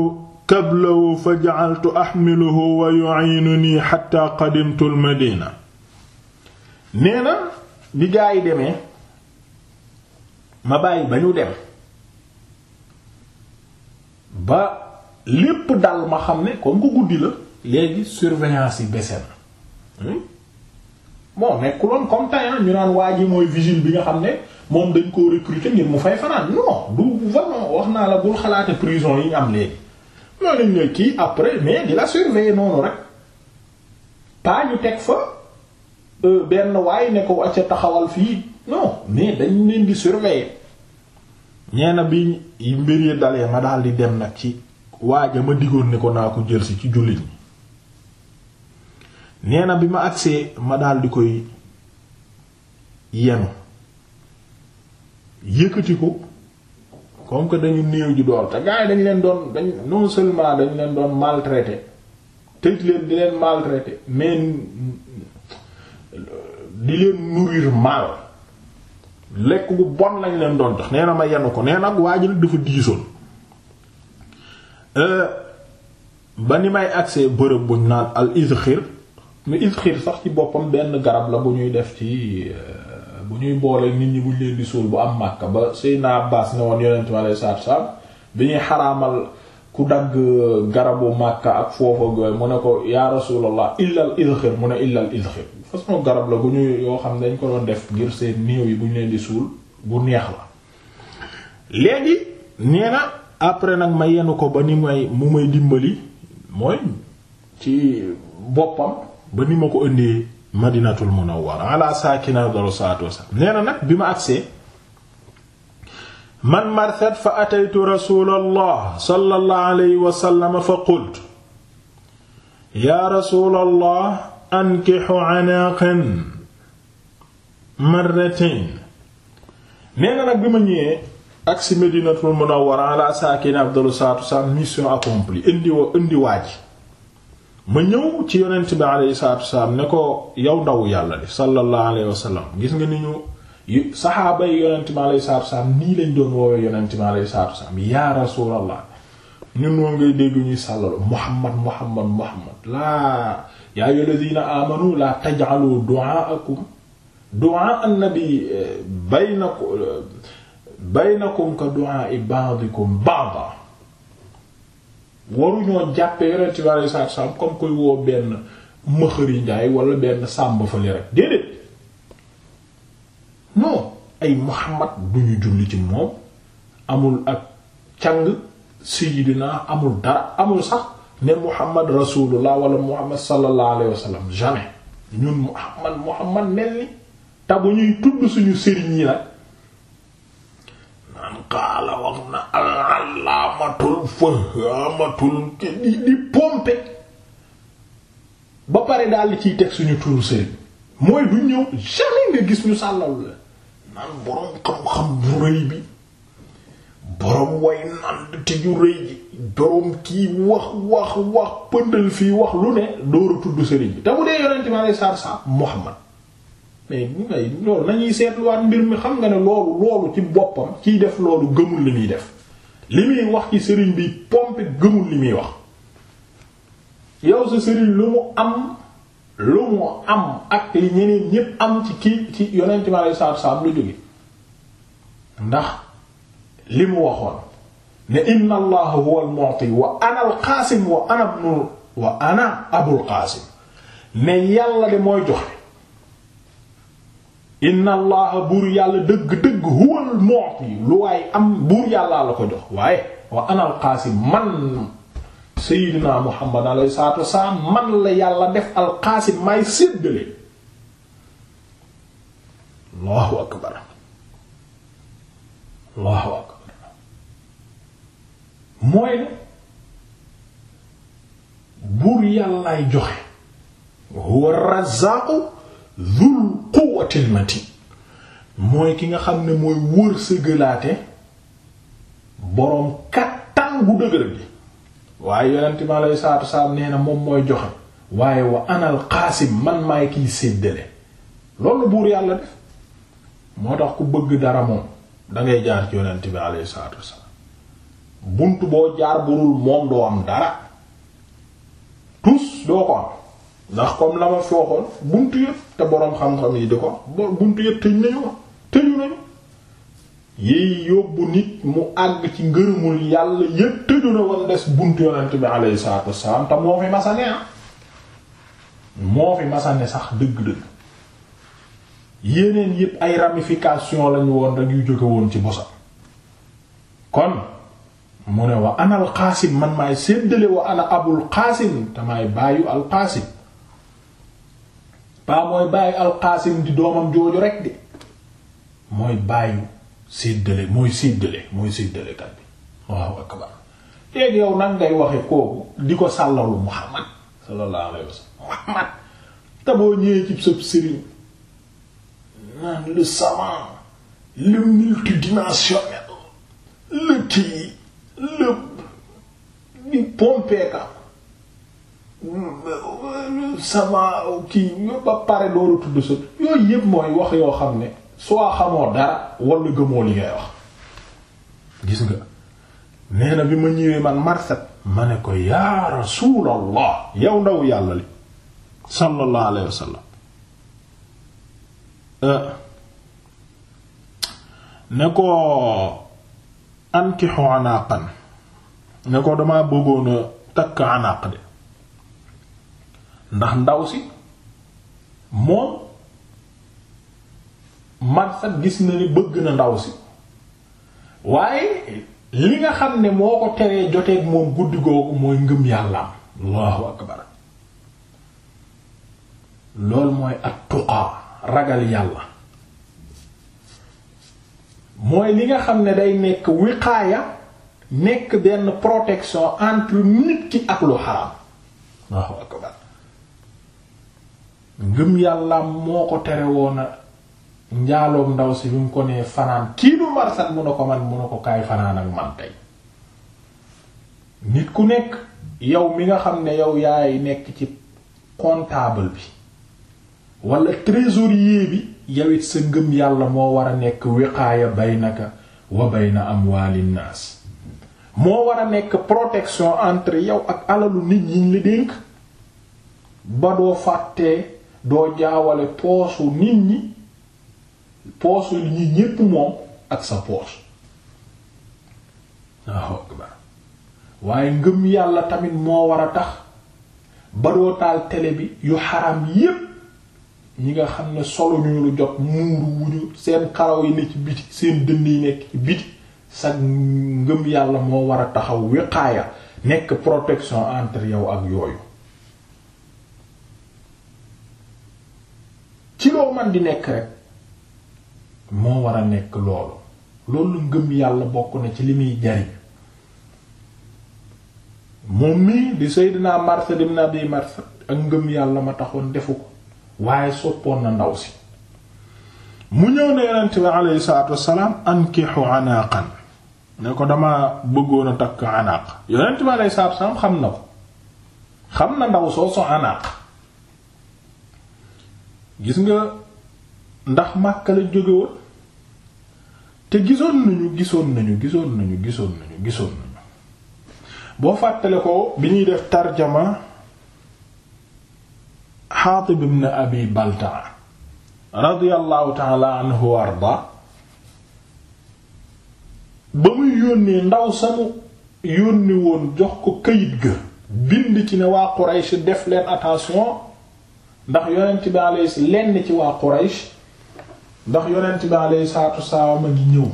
kablahu fa ja'altu ahmiluhu wa yu'inuni hatta qadimtu al-madina nee na bi gaa yi demee ma bàyyi ba ñu dem ba lépp dal ma xam ne comme ko guddi la léegi surveillance yi bese na hmm? bon nekkuloon comme temps ah, ñu naan waa ji mooy vigile bi nga xam ne moom dañ ko recruter ngir mu fay fanaan non du vraiment wax naa la bul xalaate prison yi ñu am léegi mooy lañ ne kii après mais di la surveiller noonu rek pas ñu teg fa euh, benn waay ne ko acca taxawal fii non mais dañ leen di surveiller neena bi mbir yi dalee ma daldi dem nag ci waaja ma digoon ni ko naa ko jëlsi ci jullit ñi neena bi ma agsee ma daldi koy yenu yëkkati ko comme que dañu néew ji dool te gars yi dañu leen doon dañ non seulement dañu leen doon maltraité tëj leen di leen maltraité mais di leen nourrir mal lekk gu bon nañ leen doon jox nee na ma yenu ko nee nag waa ji nag dafa diisoon euh, ba ni may agsee bërëb bu naan al izxir mu izxir sax ci boppam benn garab la bu ñuy def ci euh, bu ñuy boole nit ñi buñ leen di suul bu am Makka ba Seydina Abbaas ne woon yonent mi alayhi salaatu salaam bi ñuy xaraamal ku dagg garabu Makka ak foofu gooy mu ne ko yaa Rasuulallah illal izxir mu ne illal izxir façon garab la bu ñu yoo xam ne dañ ko doon def ngir seen néew yi bu ñu leen di suul bu neex la léegi nee na après nag ma yenu ko ba ni may mu may dimbali mooy ci boppam ba ni ma ko indee madinatul munawwara ala saakina daru saatu wasalam nee na nag bi ma agsee man marthat fa ataytu rasulallah sallallahu alayhi wa sallam fa qultu ya rasulallah ankixu anaqan marratain nee na nag bi ma ñëwee ak si Medinatul Munawwara ala saakini afdalu salaatu wassalaam mission accomplie indi wa indi waaj ma ñëw ci yonent bi alayhi salaatu wassalaam ne ko yow ndaw yàlla li sallallahu alayhi wasallam gis nga ni ñu saxaaba yi yonent bi nii lañ doon woowee yonent bi alayhi salaatu wassalaam yaa rasulallah ñun woo ngay dégg ñuy sàllal Muhammad Muhammad Muhammad laa yaa ayyuha alladhina amanu la taj'alu du'aakum du'aa an-nabi baynakum baynakum ka du'aa ba'dikum ba'da waruñoo jàppee yore ci wàllu saabsaab comme koy woo benn mëxëri njaay wala benn sàmba fa li rek déedéet non ay Muhammad duñu julli ci moom amul ak càng sayyidina amul dara amul sax. ne Muhammad rasulullah wala Muhammad sallallahu alayhi wa sallam jamais ñun Muhammad Muhammad mel ni te ñuy tudd suñu sëriñ yi nag naan xaala wax na alaamatul fahaamatul di pompe ba pare daal ciy teg suñu turu sëriñ mooy du ñëw jamais nga gis ñu sàllaw la naan boroom xam-xam bu rëy bi boroom way nand te ju ji boroom kii wax wax wax pëndal fii wax lu ne door a tudd sëriñ bi te bu dee yonente mi alei satu salaam Muhammad mais ñu ngay loolu nañuy seetluwaat mbir mi xam nga ne loolu loolu ci boppam kiy def loolu gëmul li muy def li muy wax ci sëriñ bi pompe gëmul li muy wax yow sa sëriñ lu mu am lu mu am ak li ñeneen ñépp am ci kii ci yonente mi alei satu salaam lu jóge ndax li mu waxoon ne inna allaha huwa al-mu'ti wa ana al-qaasim wa ana ibnu wa ne yàlla de mooy joxe inna allaha buur yàlla dëgg-dëgg huwa al-mu'ti lu waaye am buur yàllaa la ko jox waaye wa ana al man sayyidina muhammad salaatu wasalaam man la yàlla def al-qaasim may séddale allahu akbar allahu akbar mooy ne buur yàllaay joxe huwa razzaqu dhul quwwatil matin mooy ki nga xam ne mooy wër sa gëlaate boroom kattan bu dëgër bi waaye yonent bi alayhi salaatu wasalaam nee moom mooy joxe waaye wa anal qaasim man maay kiy séddale loolu buur yàlla def moo tax ku bëgg dara moom dangay jaar ci yonent bi alayhi salaatu wasalaam bunt boo jaar burul moom doo am dara tus doo ko am ndax comme la ma fooxoon bunt yëpp te boroom xam-xam yi di ko bunt yëpp tëj nañu ma tëju nañu yi yóbbu nit mu àgg ci ngërëmul yàlla yëpp tëju na wala des bunt yonent bi alayhi salaatu wassalaam te moo fi masane ah moo fi masane sax dëgg-dëgg yeneen yëpp ay ramification lañu woon rek yu jóge woon ci bosam kon mu ne wa ana alqaasim man maay séddale wa ana abul qaasim te maay bàyyu alqaasim paa mooy bàyyu alqaasim di doomam jooju rek de mooy bàyyu séddale mooy séddale mooy séddalekat bi waaw akbar léegi yow nan ngay waxe kooku di ko sàllalu muhammad sallallahu alayhi wasallam muhammad te ñëwee ci sëb sëriñ naan le savant le multidimensionnel le kii lépp di pomper sama kii ba pare loolu tudd sa yooyu yëpp mooy wax yoo xam ne soo xamoo dara wala gëmoo li ngay wax gis nga nee bi ma ñëwee man marsat ma ne ko yaa rasuulallah yow ndaw yàlla li sallallahu alayhi wasallam eh, ne ko ankixu anaqan ne ko dama bëggoona takk anaq de ndax ndaw si moom man sax gis na ni bëgg na ndaw si waaye li nga xam ne moo ko teree joteeg moom guddi googu mooy ngëm yàlla loolu mooy at tuqaa ragal yàlla mooy li nga xam ne day nekk wiqaaya nekk benn protection entre nit ki ak lu xaraam ngëm yàlla moo ko tere woona njaaloom ndaw si bi ko nee fanaan kii du marsat mun na ko man mun na ko kaay fanaan ak man tey nit ku nekk yow mi nga xam ne yow yaay nekk ci comptable bi wala trésorier bi yawit sa ngëm yàlla moo war a nekk wiqaaya baynaka wa bayna amwaalin naas moo war a nekk protection entre yow ak alalu nit ñi la dénk ba doo fàttee doo jaawale poosu nit ñi poosu ñi ñépp moom ak sa poos waaye ngëm yàlla tamit moo war a tax ba doo taal télé bi yu xaram yépp ñi nga xam ne solo ñu lu jot muuru wuñu seen karaw yi ne ci biti seen dënn yi nekk ci biti sag ngëm yàlla moo war a taxaw wiqaaya nekk protection entre yow ak yooyu ci loo man di nekk rek moo war a nekk loolu loolu ngëm yàlla bokk na ci li muy jariñ moom mii di Seydina Marsad ibn bii Marsad ak ngëm yàlla ma taxoon defu ko waaye soppoon na ndaw si mu ñëw ne yonent bi aleyhi salaatu wassalaam ankixu anaqan ne ko dama bëggoon a takk anaq yonent bi aleyhi salaatu wassalaam xam na ko xam na ndaw soo so anaq gis nga ndax Makka la te gisoon nañu gisoon nañu gisoon nañu gisoon nañu gisoon nañu boo fàttale ko bi ñuy def tarjama Xaatib ibn Abi Baltaa radiyallahu taala anhu wa arda ba muy yónnee ndaw samu yónni woon jox ko kayit ga bind ci ne waa Quraysh def leen attention ndax yonent bi alayhi lenn ci waa Quraysh ndax yonent bi alayhi saatu salaam a ngi ñëw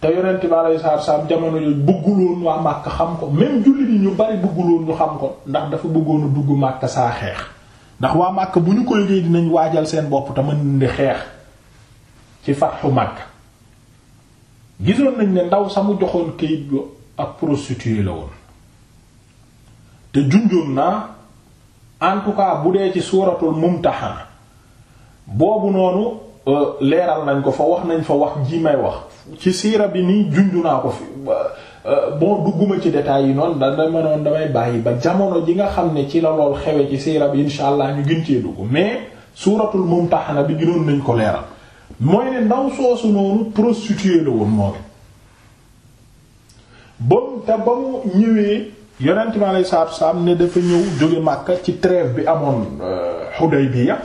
te yonent bi alayhi salaatu salaam jamono yooyu bëgguloon waa màkk xam ko même jullit yi ñu bari bëgguloon ñu xam ko ndax dafa bëggoon a dugg màkk saa xeex ndax waa màkk bu ñu ko yëgee dinañ waajal seen bopp te mën di xeex ci fatxu màkk gisoon nañ ne ndaw samu joxoon kayit bu ak prostituée la woon te junjoon naa en tout cas bu dee ci suuratul mumtahana boobu noonu Euh, leeral nañ ko fa wax nañ fa wax ji may wax ci siira bi nii junju naa ko fi euh, bon dugguma ci détails yi noonu da dama noonu damay bàyyi ba jamono ji nga xam ne ci la lool xewe ci siira bi insha allah ñu gën cee dugg mais suuratul mumtahana bi ginoon nañ ko leeral mooy ne ndaw soosu noonu prostituée la woon moom ba mu te ba mu ñëwee yonent bi alayhi salaatu salaam ne dafa ñëw jóge màkk ci trêve bi amoon euh, Hudaybiya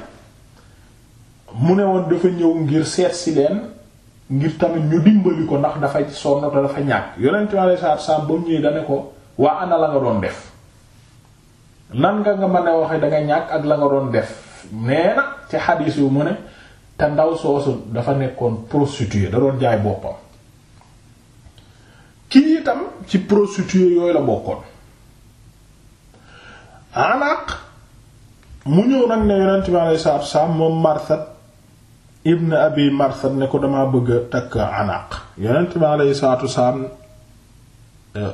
mu ne woon dafa ñëw ngir seet si leen ngir tamit ñu dimbali ko ndax dafa sonn te dafa ñàkk yonent mi alayhi salaatu ba mu ñëwee ko waa ana la nga doon def nan nga nga mën a waxe da ñàkk ak la nga doon def nee na ci xadiis yu mu ne te ndaw soosu dafa nekkoon prostituée da doon jaay boppam kii itam ci prostituée yooyu la bokkoon anaq mu ñëw nag ne yonent mi alayhi salaatu marsat ibn abi marsad ne ko dama bëgg a takk anaq yonent bi alayhi salaatu wasalaam euh,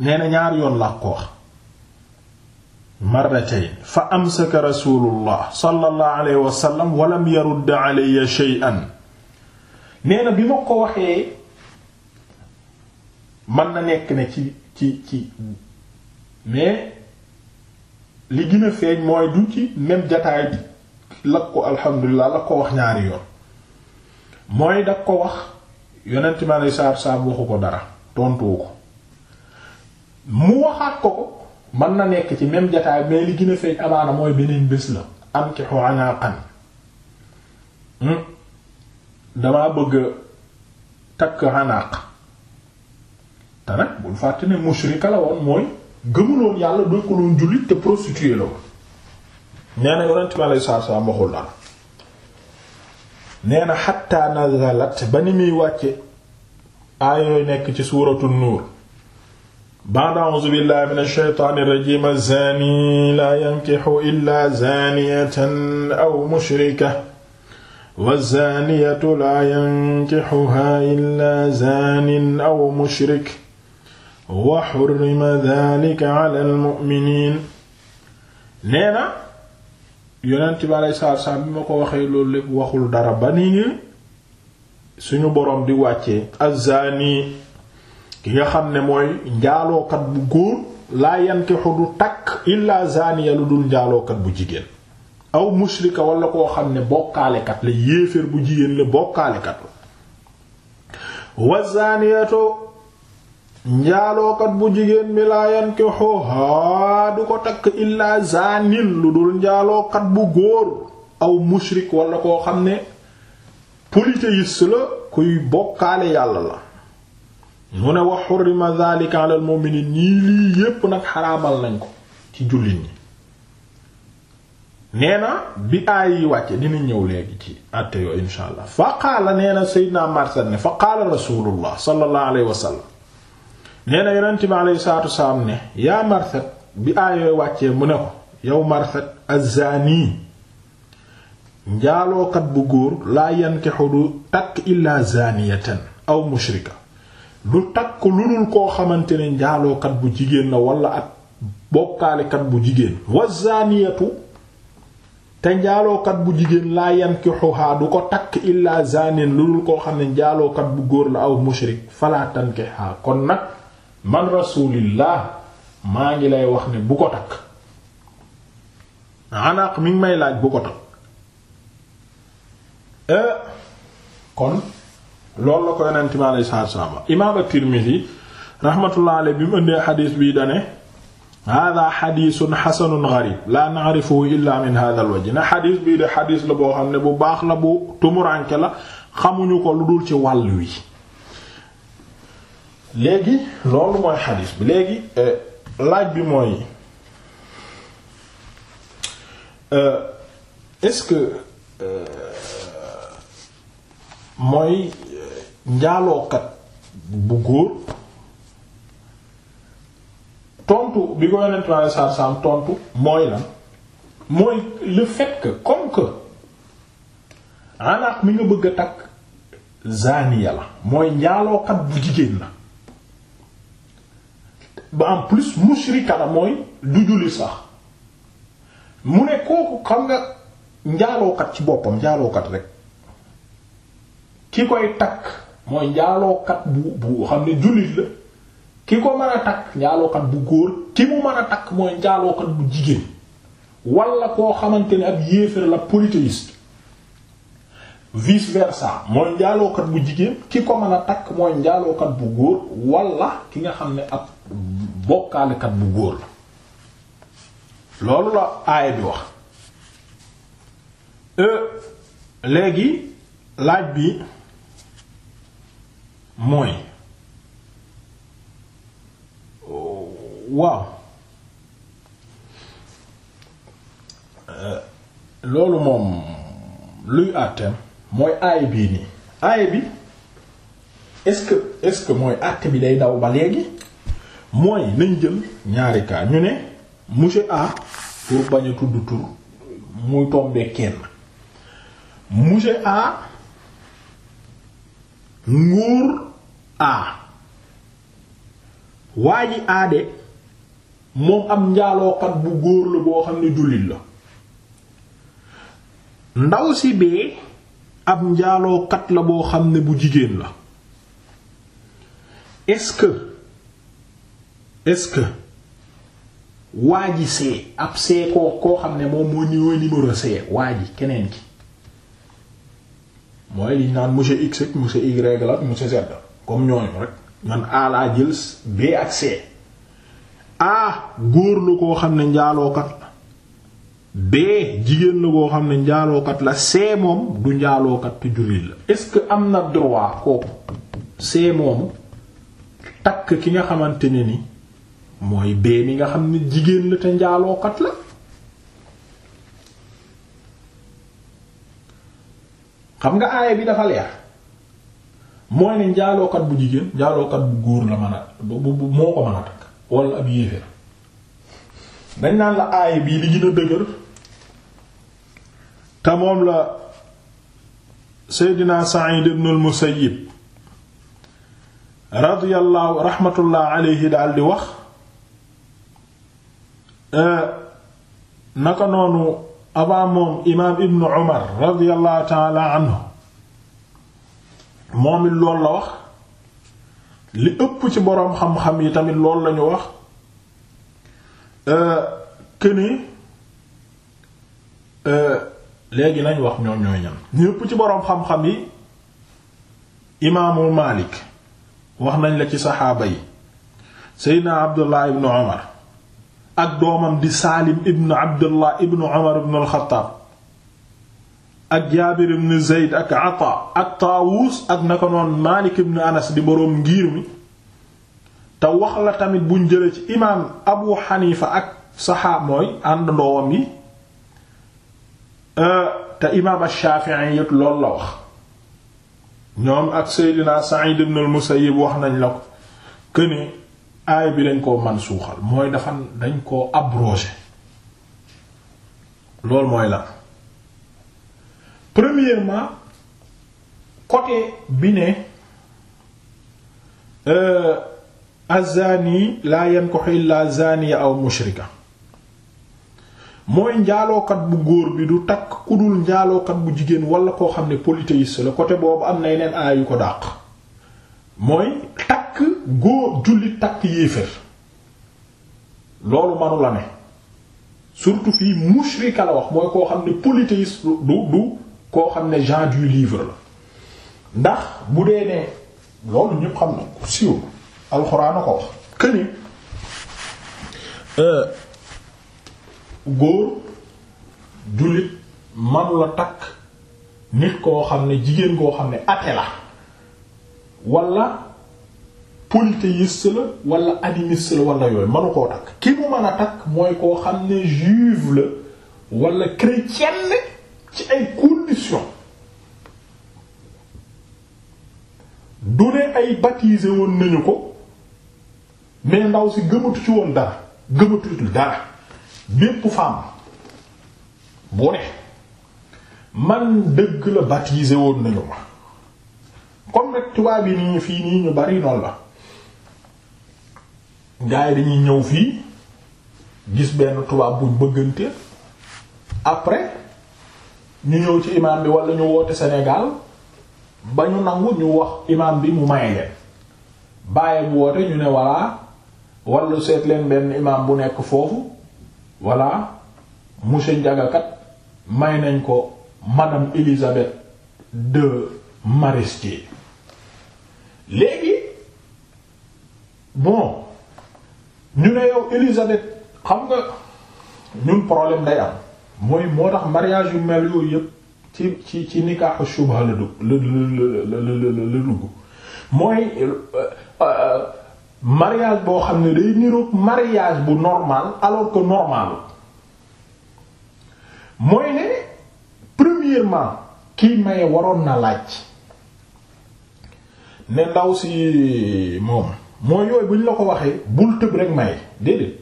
nee na ñaar yoon laa wax marratayn fa amsaka rasulullah sallallahu alayhi wa sallam wa lam yarudd nee na bi ma ko waxee man na nekk ne ci ci ci mais li gën feeñ mooy du ci même jataay bi lak ko alhamdulilah lak ko wax ñaari yoon mooy dag ko wax yonent ma lay saar saab waxu ko dara tontuwu ko mu waxaat ko ko mën na nekk ci même jataay mais li gën a feeñ amaana mooy beneen bés la am ki xoanaaqan hmm? damaa bëgg takk xanaaq te nag bul fàtte ne mushrika mooy gëmuloon yàlla doo ko loon jullit te prostitué la woon nee na yonent bi alayhi salaatu salaam waxul dara nee na xatta nazalat ba ni muy wàcce aaya yooyu nekk ci suuratu nuur ba'da a'uuzu billahi minash shaytaanir rajiim az-zaani laa yankihu illaa zaaniyatan aw mushrikatan waz-zaaniyatu laa yankihuhaa illaa zaanin aw mushrik wa hurrima dhaalika 'alal mu'miniin nee na yonent bi aleyhi salaatu salaam bi ma ko waxee loolu lépp waxul dara ba ni suñu boroom di wàcce azzaani ki nga xam ne mooy njaalookat bu góor laa yankixu du takk illaa zaaniya lu dul njaalookat bu jigéen aw musrika wala koo xam ne bokkaalekat la yéeféer bu jigéen la bokkaalekat la wa njaalookat bu jigéen bi laa yankihuha du ko takk illaa zanin lu dul njaalookat bu góor aw mushrik walla koo xam ne polythéiste la kuy bokkaale yàlla la mu ne wa hurrima dhalika ala al mu'minin ñii lii yépp nag xaraamal nañ ko ci jullit ñi nee na bi aay yi wàcce dina ñëw léegi ci àtte yoo insha allah fa qaala nee na seydina marsad ne fa qaala rasulullah sallallahu alayhi wa nee na yonent bi alayhi salaatu ne yaa marsad bi aayooy wàccee mu ne ko yow a azzaani njaalookat bu góor laa yankixu du takk illaa zaaniyatan aw mushrika du takk lu koo xamante ne njaalookat bu jigéen la wala ak bokkaalekat bu jigéen wa te njaalookat bu jigéen laa yankixuhaa du ko takk illaa zaanin lu dul koo xam ne njaalookat bu góor la aw mushrik falaa tankixaa kon nag man rasulillah maa ngi lay wax ni bu ko takk anaq mi may laaj bu ko takk euh, kon loolu la ko yonent mi alayhi salaatu wa salaam rahmatullah alayhi bi mu ëndee xadiis bii dane hada xadiisun xasanun garib laa na'rifuhu illa min hada al ne xadiis bii de xadiis la boo xam ne bu baax la bu tumuraanke la xamuñu ko lu dul ci wàll wi léegi loolu mooy xadiis bi léegi euh, laaj bi mooy euh, est-ce que euh, mooy njaalookat bu góor tontu bi ko yonent naa saar tontu mooy lan mooy le fait comme que anaat mi nga bëgg a takk zaniya la mooy njaalookat bu jigéen la ba en plus mushrika la mooy du jullit sax mu ne kooku xam nga njaalookat ci boppam njaalookat rek ki koy takk mooy njaalookat bu bu xam ne jullit la ki ko mën a takk njaalookat bu góor ki mu mën a takk mooy njaalookat bu jigéen wala koo xamante ne ab yéefér la polythéiste vice versa mooy njaalookat bu jigéen ki ko mën a takk mooy njaalookat bu góor wala ki nga xam ne ab bokkaalekat bu góor la loolu la aaya bi wax euh, léegi laaj bi mooy waaw euh, loolu moom luy àtteem mooy aaya bii nii aaya bi est-ce que est-ce que mooy àtte bi day daw ba léegi mooy nañ jël ñaari kaa ñu ne monsieur A pour bañ a tudd tur muy tombé kenn monsieur A nguur A waa ji A moom am njaalookat bu góor la boo xam ne jullit la ndaw si bee ab njaalookat la boo xam ne bu jigéen la est-ce est-ce que waa ji see ab see koo xam ne moom moo ñëwee numéro see waa ji keneen ki mooy liñ naan monsieur X ak monsieur Y la ak monsieur Z comme ñooñu rek man A laa jël B ak C A góor la koo xam ne njaalookat la B jigéen la koo xam ne njaalookat la C moom du njaalookat te jullit la. est-ce que am na droit kooku C moom takk ki nga xamante ne ni. mooy bee mi nga xam ne jigéen la te njaalookat la xam nga aaya bi dafa leer mooy ne njaalookat bu jigéen njaalookat bu góor la mën a bu bu moo ko mën a takk wala ab yéeféer dañ naan la aaya bii li gën a dëgër te la Seydina Sa'id ibn al-Musayyib radiyallahu rahmatullah alayhi daal di wax Eh, naka noonu abaa moom imaam ibnu umar radiyallahu taala anhu moom it loolu la wax li ëpp ci boroom xam-xam yi tamit loolu lañu wax këni eh, eh, léegi nañ wax ñoom ñooy ñan li ëpp ci boroom xam-xam yi imaamu maalik wax nañ la ci saxaaba yi seydina abdullah ibnu umar ak doomam di Saalim ibn Abdullah ibn Umar ibn al ak Jaabir ibn Zayd ak Ata ak Taawus ak naka noon Maalik ibn Anas di boroom ngir mi te wax la tamit buñ jële ci imaam Abu Xanifa ak saxaa mooy ànd ndoowam yi euh, te imaam Shaafi'i yit loolu la wax ñoom ak Seydina Sa'id ibn al-Musayyib wax nañ la ko këne aaya bi dañ koo man suuxal mooy dafa dañ koo abrogé loolu mooy la premièrement côté bi ne euh, azani laa yankahu illa zaniya aw mushrika mooy njaalookat bu góor bi du takk ku dul njaalookat bu jigéen wala koo xam ne polythéiste la côté boobu am na yeneen aaya yu ko dàq mooy takk góor jullit takk yéefér loolu manu la ne surtout fii mushrika la wax mooy koo xam ne polythéiste du du koo xam ne gens du livre la ndax bu dee ne loolu ñëpp xam na ku siiw alxuraan a ko wax këni euh, góor jullit manu takk nit koo xam ne jigéen koo xam ne athée la wala polythéiste la wala animiste la wala yooyu manu koo takk ki mu mën a takk mooy koo xam ne juive la wala chrétienne ci ay conditions du ne ay baptisé woon nañu ko mais ndaw si gëmatu ci woon dara gëmatu dara bépp femme bu ne man dëgg la baptisé woon nañu ma comme nag tubaab yi nii fii nii ñu bari noonu la gars yi dañuy ñëw fii gis benn tubaab bu bëggante après ñu ñëw ci imaam bi wala ñu woote Sénégal ba ñu nangu ñu wax imaam bi mu maye leen bàyyi bu woote ñu ne voilà wala seet benn imaam bu nekk foofu mu monsieur Ndiagakat may nañ ko madame Elisabeth de Marestier léegi bon ñu ne yow Élisabeth xam nga ñun problème day am mooy moo tax mariage yu mel yooyu yëpp ci ci ci nikaaxu shubha la dugg la la la dugg mooy euh, euh, euh, mariage boo xam ne day niroog mariage bu normal alors que normal mooy ne premièrement kii maye waroon na laaj ne ndaw si moom mooy yooyu bu ñu la ko waxee bul tëb rek may déedéet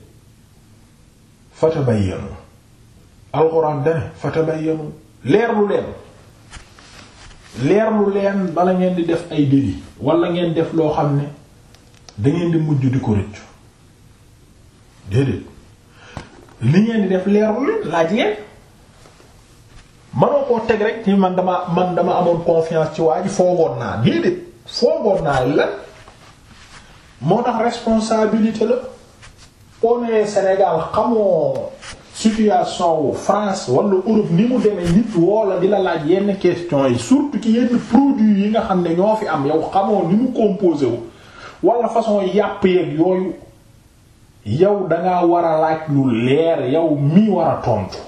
fatabayyanu alxuraan dane fatabayyanu leerlu leen leerlu leen bala ngeen di def ay déli wala ngeen def loo xam ne dangeen di mujj di ko rëccu déedéet li ngeen di def leerlu leen laaj leen manoo koo teg rek ci man dama man dama amoon confiance ci waa ji foogoon naa déedéet foogoon naa la moo tax responsabilité la on est Sénégal xamoo situation wu France wala Europe ni mu demee nit woo la di la laaj yenn questions yi surtout ki yenn produits yi nga xam ne ñoo fi am yow xamoo ni mu composé wu wala façon yàpp yeeg yooyu yow dangaa war a laaj lu leer yow mii war a tontu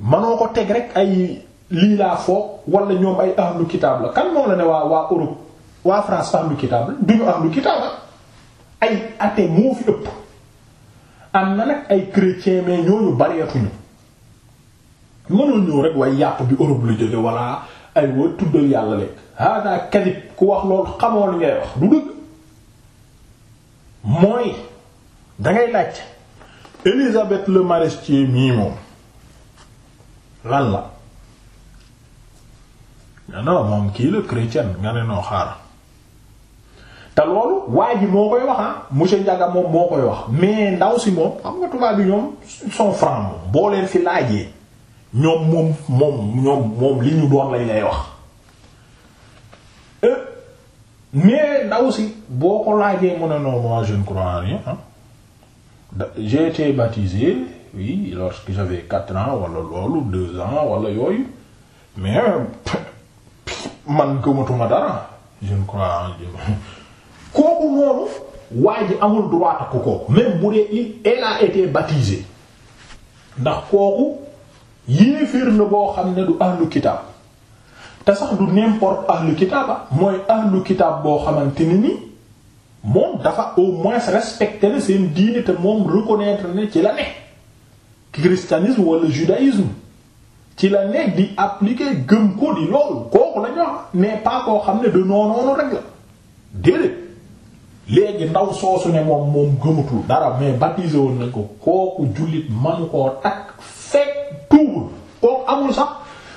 manoo ko teg rek ay lii laa foog wala ñoom ay ahlu kitaab la kan moo la ne waa waa Europe waa France ahlu kitaab la duñu ahlu kitaab la ay athée moo fi ëpp am na nag ay chrétien mais ñooñu bareetuñu mënul ñëw rek waaye yàpp bi Europe la jóge wala ay wa tuddal yàlla lekk hada kadib ku wax loolu xamoo li ngay wax du dëgg mooy dangay laaj Élisabeth le Maréchal mii moom lan non moom kii la chrétien nga ne noo xaar te loolu waa ji moo koy wax ah monsieur Ndiaga moom moo koy wax mais ndaw si moom xam nga tubaab bi ñoom son franc moom fi laajee ñoom moom moom ñoom li ñu doon lañ lay wax. Euh, mais ndaw si boo ko laajee mu ne non moi je ne crois wala loolu wala yooyu mais. Euh, man gëmatuma dara kooku noonu waa ji amul droit ak kooku même bu dee il a été baptisé ndax kooku yéeféer na boo xam ne du ahlu kitaab te sax du n'importe ahlu kitaab mooy ahlu kitaab boo xamante ni ni moom dafa au respecté na seen diine te moom reconnaître ne ci la ne christianisme wala judaïsme ci la ne di appliquer gëm ko di loolu kooku la mais pas koo xam ne de noonoonu rek la déedéet léegi ndaw soosu ne moom moom gëmatul dara mais baptisé woon nañ ko kooku jullit manu koo takk fekk tuubul kooku amul sax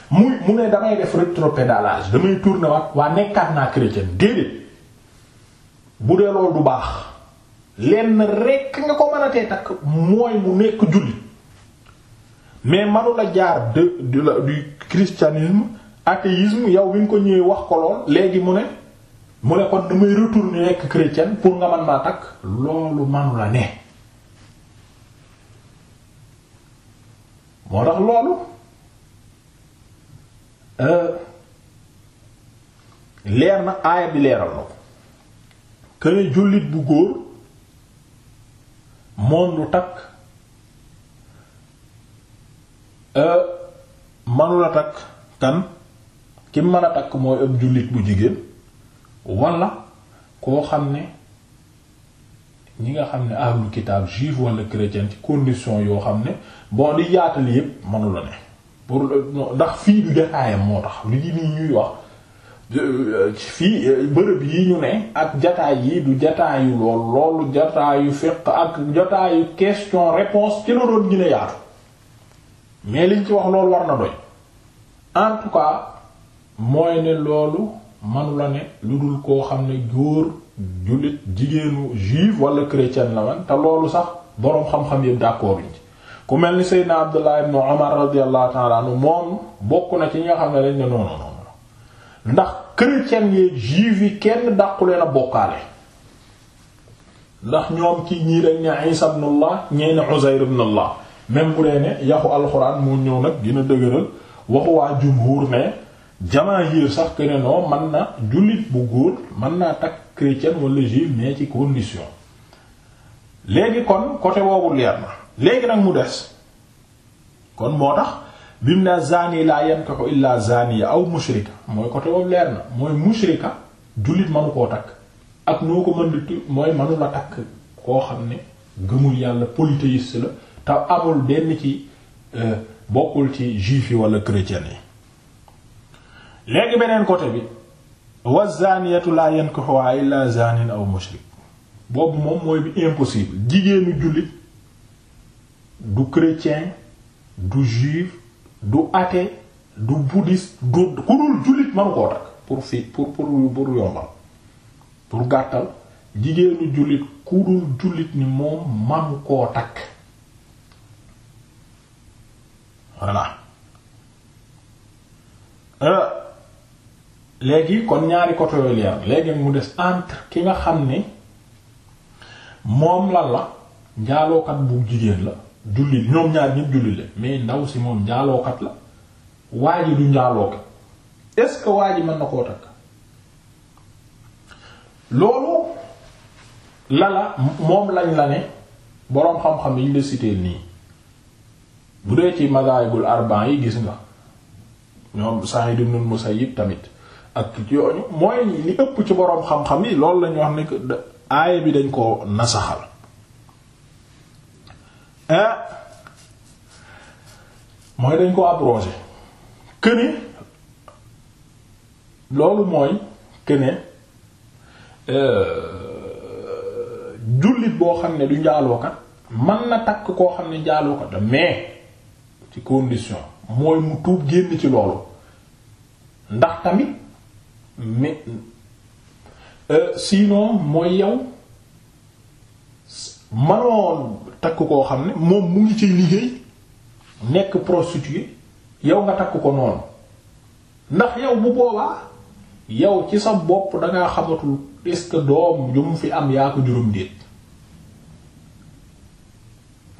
muy mu ne damay def rétropédalage damay tourner waat waa nekkaat naa chrétien déedéet bu dee loolu du baax lenn rekk nga ko mën a tee takk mooy mu nekk jullit mais manu la jaar de du la du christianisme athéisme yow bi nga ko ñëwee wax ko lool léegi mu ne mu ne kon damay retourner nekk chrétien pour nga man maa takk loolu manu la ne moo tax loolu euh, leer na aaya bi leeral na ko que ne jullit bu góor moom lu takk Euh, manula takk kan ki mën a takk mooy ab jullit bu jigéen wala koo xam ne ñi nga xam ne ahlul kitaab juif wala chrétien ci condition yoo xam ne boo di yaatal yëpp manula ne pour euh, ndax fii du jataayam moo tax lii nii ñuy wax euh, fii bërëb yi ñu ne ak jataay yi du jataayu lool loolu jataayu fiqh ak jataayu question réponse ci la doon gën yaatu mais liñ ci wax loolu war na doy en tout cas mooy ne loolu manu la ne lu dul koo xam ne góor jullit jigéenu juif wala chrétien la te loolu sax boroom xam-xam yëpp d'accord ci ku mel ni Seydina Abdullah ibn Umar radiyallahu ta'ala anhu bokk na ci ñi nga xam ne dañ ne non non non ndax chrétien yeeg juif yi kenn dàquleen a bokkaale ndax ñoom ci ñii dañ ne Isa ibn Allah ñee ne Uzayr ibn Allah même bu dee ne yaxu alxuraan moo ñëw nag dina a dëgëral waxu waa jumhur ne jamaahir sax que ne mën na jullit bu góor mën naa takk chrétien wala juif mais ci condition léegi kon côté boobu leer na léegi nag mu des kon moo tax bim naa zani laa yankahu illa yi aw mushrika mooy côté boobu leer na mooy mushrika jullit manu koo takk ak noo ko mën di mooy mënu takk koo xam ne gëmul yàlla polythéiste la te amul benn ci euh, bokkul ci juif yi wala chrétien yi léegi beneen côté bi wa zaniyatu la yankihuha illa zanin aw mushrik boobu moom mooy bi impossible jigéenu jullit du chrétien du juif du athée du bouddhiste du ku dul jullit manu koo takk pour fii pour pour yombal pour gàttal jigéenu jullit ku dul jullit ni moom manu koo takk voilà euh, léegi kon ñaari côté yooyu leer léegi mu des entre ki nga xam ni moom la la njaalookat bu jigéen la julli ñoom ñaari ñépp julli la mais ndaw si moom njaalookat la waa ji du njaalookat est-ce que waa mën na koo takk loolu la la moom lañ la ne boroom xam-xam yi ñu la cité nii bu dee ci mazahibul arban yi gis nga ñoom Sa'id ibn Musayyib tamit ak ci yooñu mooy li ëpp ci boroom xam-xam yi loolu lañu wax ne que aaya bi dañ ko nasaxal ah, mooy dañ ko abrogé këne loolu mooy këne euh, jullit boo xam ne du njaalookat man na takk koo xam ne njaalookat mais ci condition mooy mu tuub génn ci loolu ndax tamit mais euh, sinon mooy yaw manoon takk koo xam ne moom mu ngi ciy liggéey nekk prostituée yow nga takk ko noonu ndax yow bu boobaa yow ci sa bopp dangaa xamatul est que doom ju mu fi am yaa ko juróom déet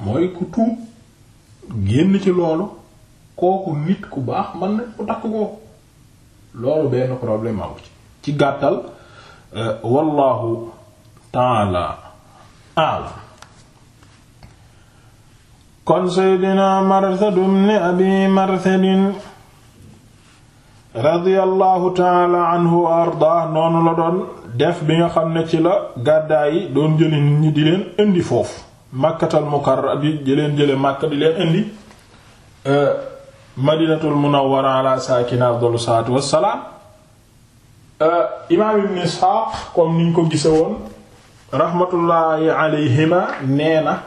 mooy ku tuub génn ci loolu kooku nit ku baax man na ku takk kooku loolu benn problème amu ci gàttal euh, wallahu taala aalam kon seydina marsad ibn abi marsadin radiyallahu taala anhu wa ardaa noonu la doon def bi nga xam ne ci la gàddaay yi doon jëli nit ñi di leen indi foofu makkatal mukarrab bi di leen jële di leen indi euh, madinatul munawwara ala saakina afdalu salaatu wassalaam euh, imaam ibn Isxaaq comme niñ ko gise woon rahmatullahi alayhima nee na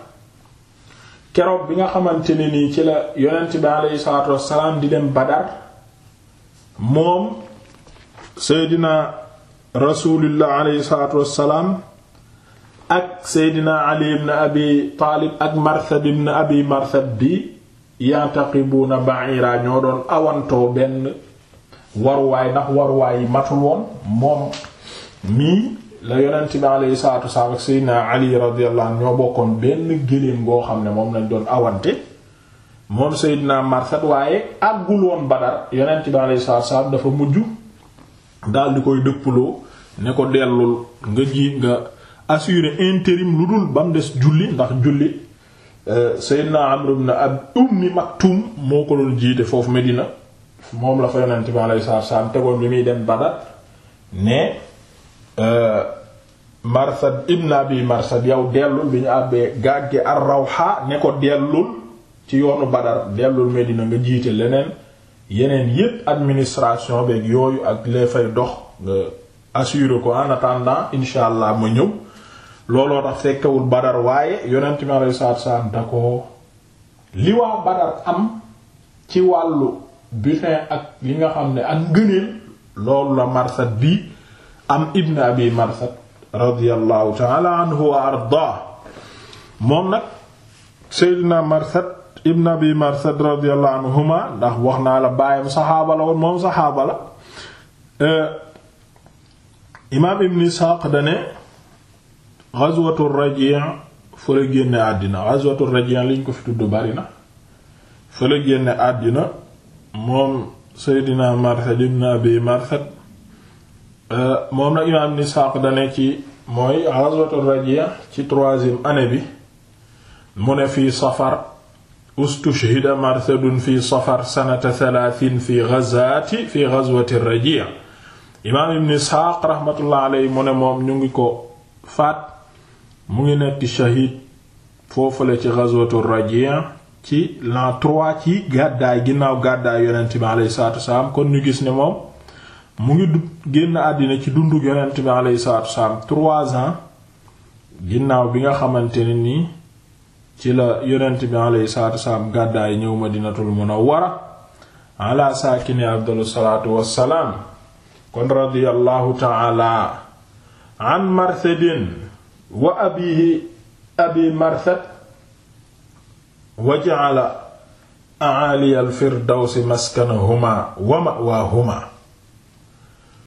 keroog bi nga xamante ne nii ci la yonent bi aleyhi salaatu wassalaam di leen Badar moom seydina rasulillah aleyhi salaatu wassalaam ak seydina ali ibn abi taalib ak marsad ibn abi marsad bi yantaqibuuna ñoo doon awantoo benn waruwaay ndax waruwaay yi matul woon moom mii la yonent bi alayhi salaatu wasalaam ak seydina ali radiyallahu ñoo bokkoon benn géléem goo xam ne moom lañ doon awante moom seydina marsad waaye àggul woon badar yonent bi alayhi salaatu wasalaam dafa mujj dal di koy dëppuloo ne ko dellul nga ji nga assurer intérim lu dul ba mu des julli ndax julli euh, Seydina Amr ibn Ummi Maktum moo ko doon jiite foofu Medina moom la fa yonent bi alayhi salaatu salaam tegoon bi muy dem Badar ne euh, Marsad ibn Abi Marsad yow dellul bi ñu àbbee gàgge ar-Rawha ne ko dellul ci yoonu Badar dellul Medina nga jiite leneen yeneen yépp administration beeg yooyu ak lee fay dox nga assurer ko en attendant incha allah ma ñëw looloo tax fekkewul Badar waaye yonent mi alayhi salaatu salaam ko li waa Badar am ci wàllu butin ak li nga xam ne ak ngëneel loolu la Marsad bi am Ibn Abi Marsad radiyallahu ta'ala anhu wa ardaa moom nag Seydina Marsad Ibn Abi Marsad radiyallahu anhuma ndax wax naa la baayam saxaaba la woon moom saxaaba la eh, imaam Ibn Isxaaq dane ghazwatu raji' fa la génne àddina ghazwatu raji' liñ ko fi tudd bari na fa la génne àddina moom seydina marsad ibn abi marsad euh, moom nag imaam ibn Isaaq dane ci mooy ghazwatu raji' ci troisième année bi mu ne fii safar ustushhida marsadun fi safar sanata thalathin fi ghazati fi ghazwati raji' imaam ibn Isxaaq raxmatullah alayhi mu ne moom ñu ngi ko faat mu ngi nekk shahid la ci ghazwatu rajien ci l'an 3 ci gàddaay ginnaaw gàddaay yonent bi alayhi salaatu wasalaam kon ñu gis ne moom mu ngi àddina ci dunduk yonent bi alayhi salaatu wasalaam 3 ans bi nga xamante ne nii ci la yonent bi alayhi salaatu wasalaam gàddaay ñëw madinatul munawwara ala saakini afdalu salaatu wassalaam kon radiyallahu ta'ala an marsedin wa abihi abi marsad wa ja'ala a'ali al-firdawsi maskanahuma wa ma'waahuma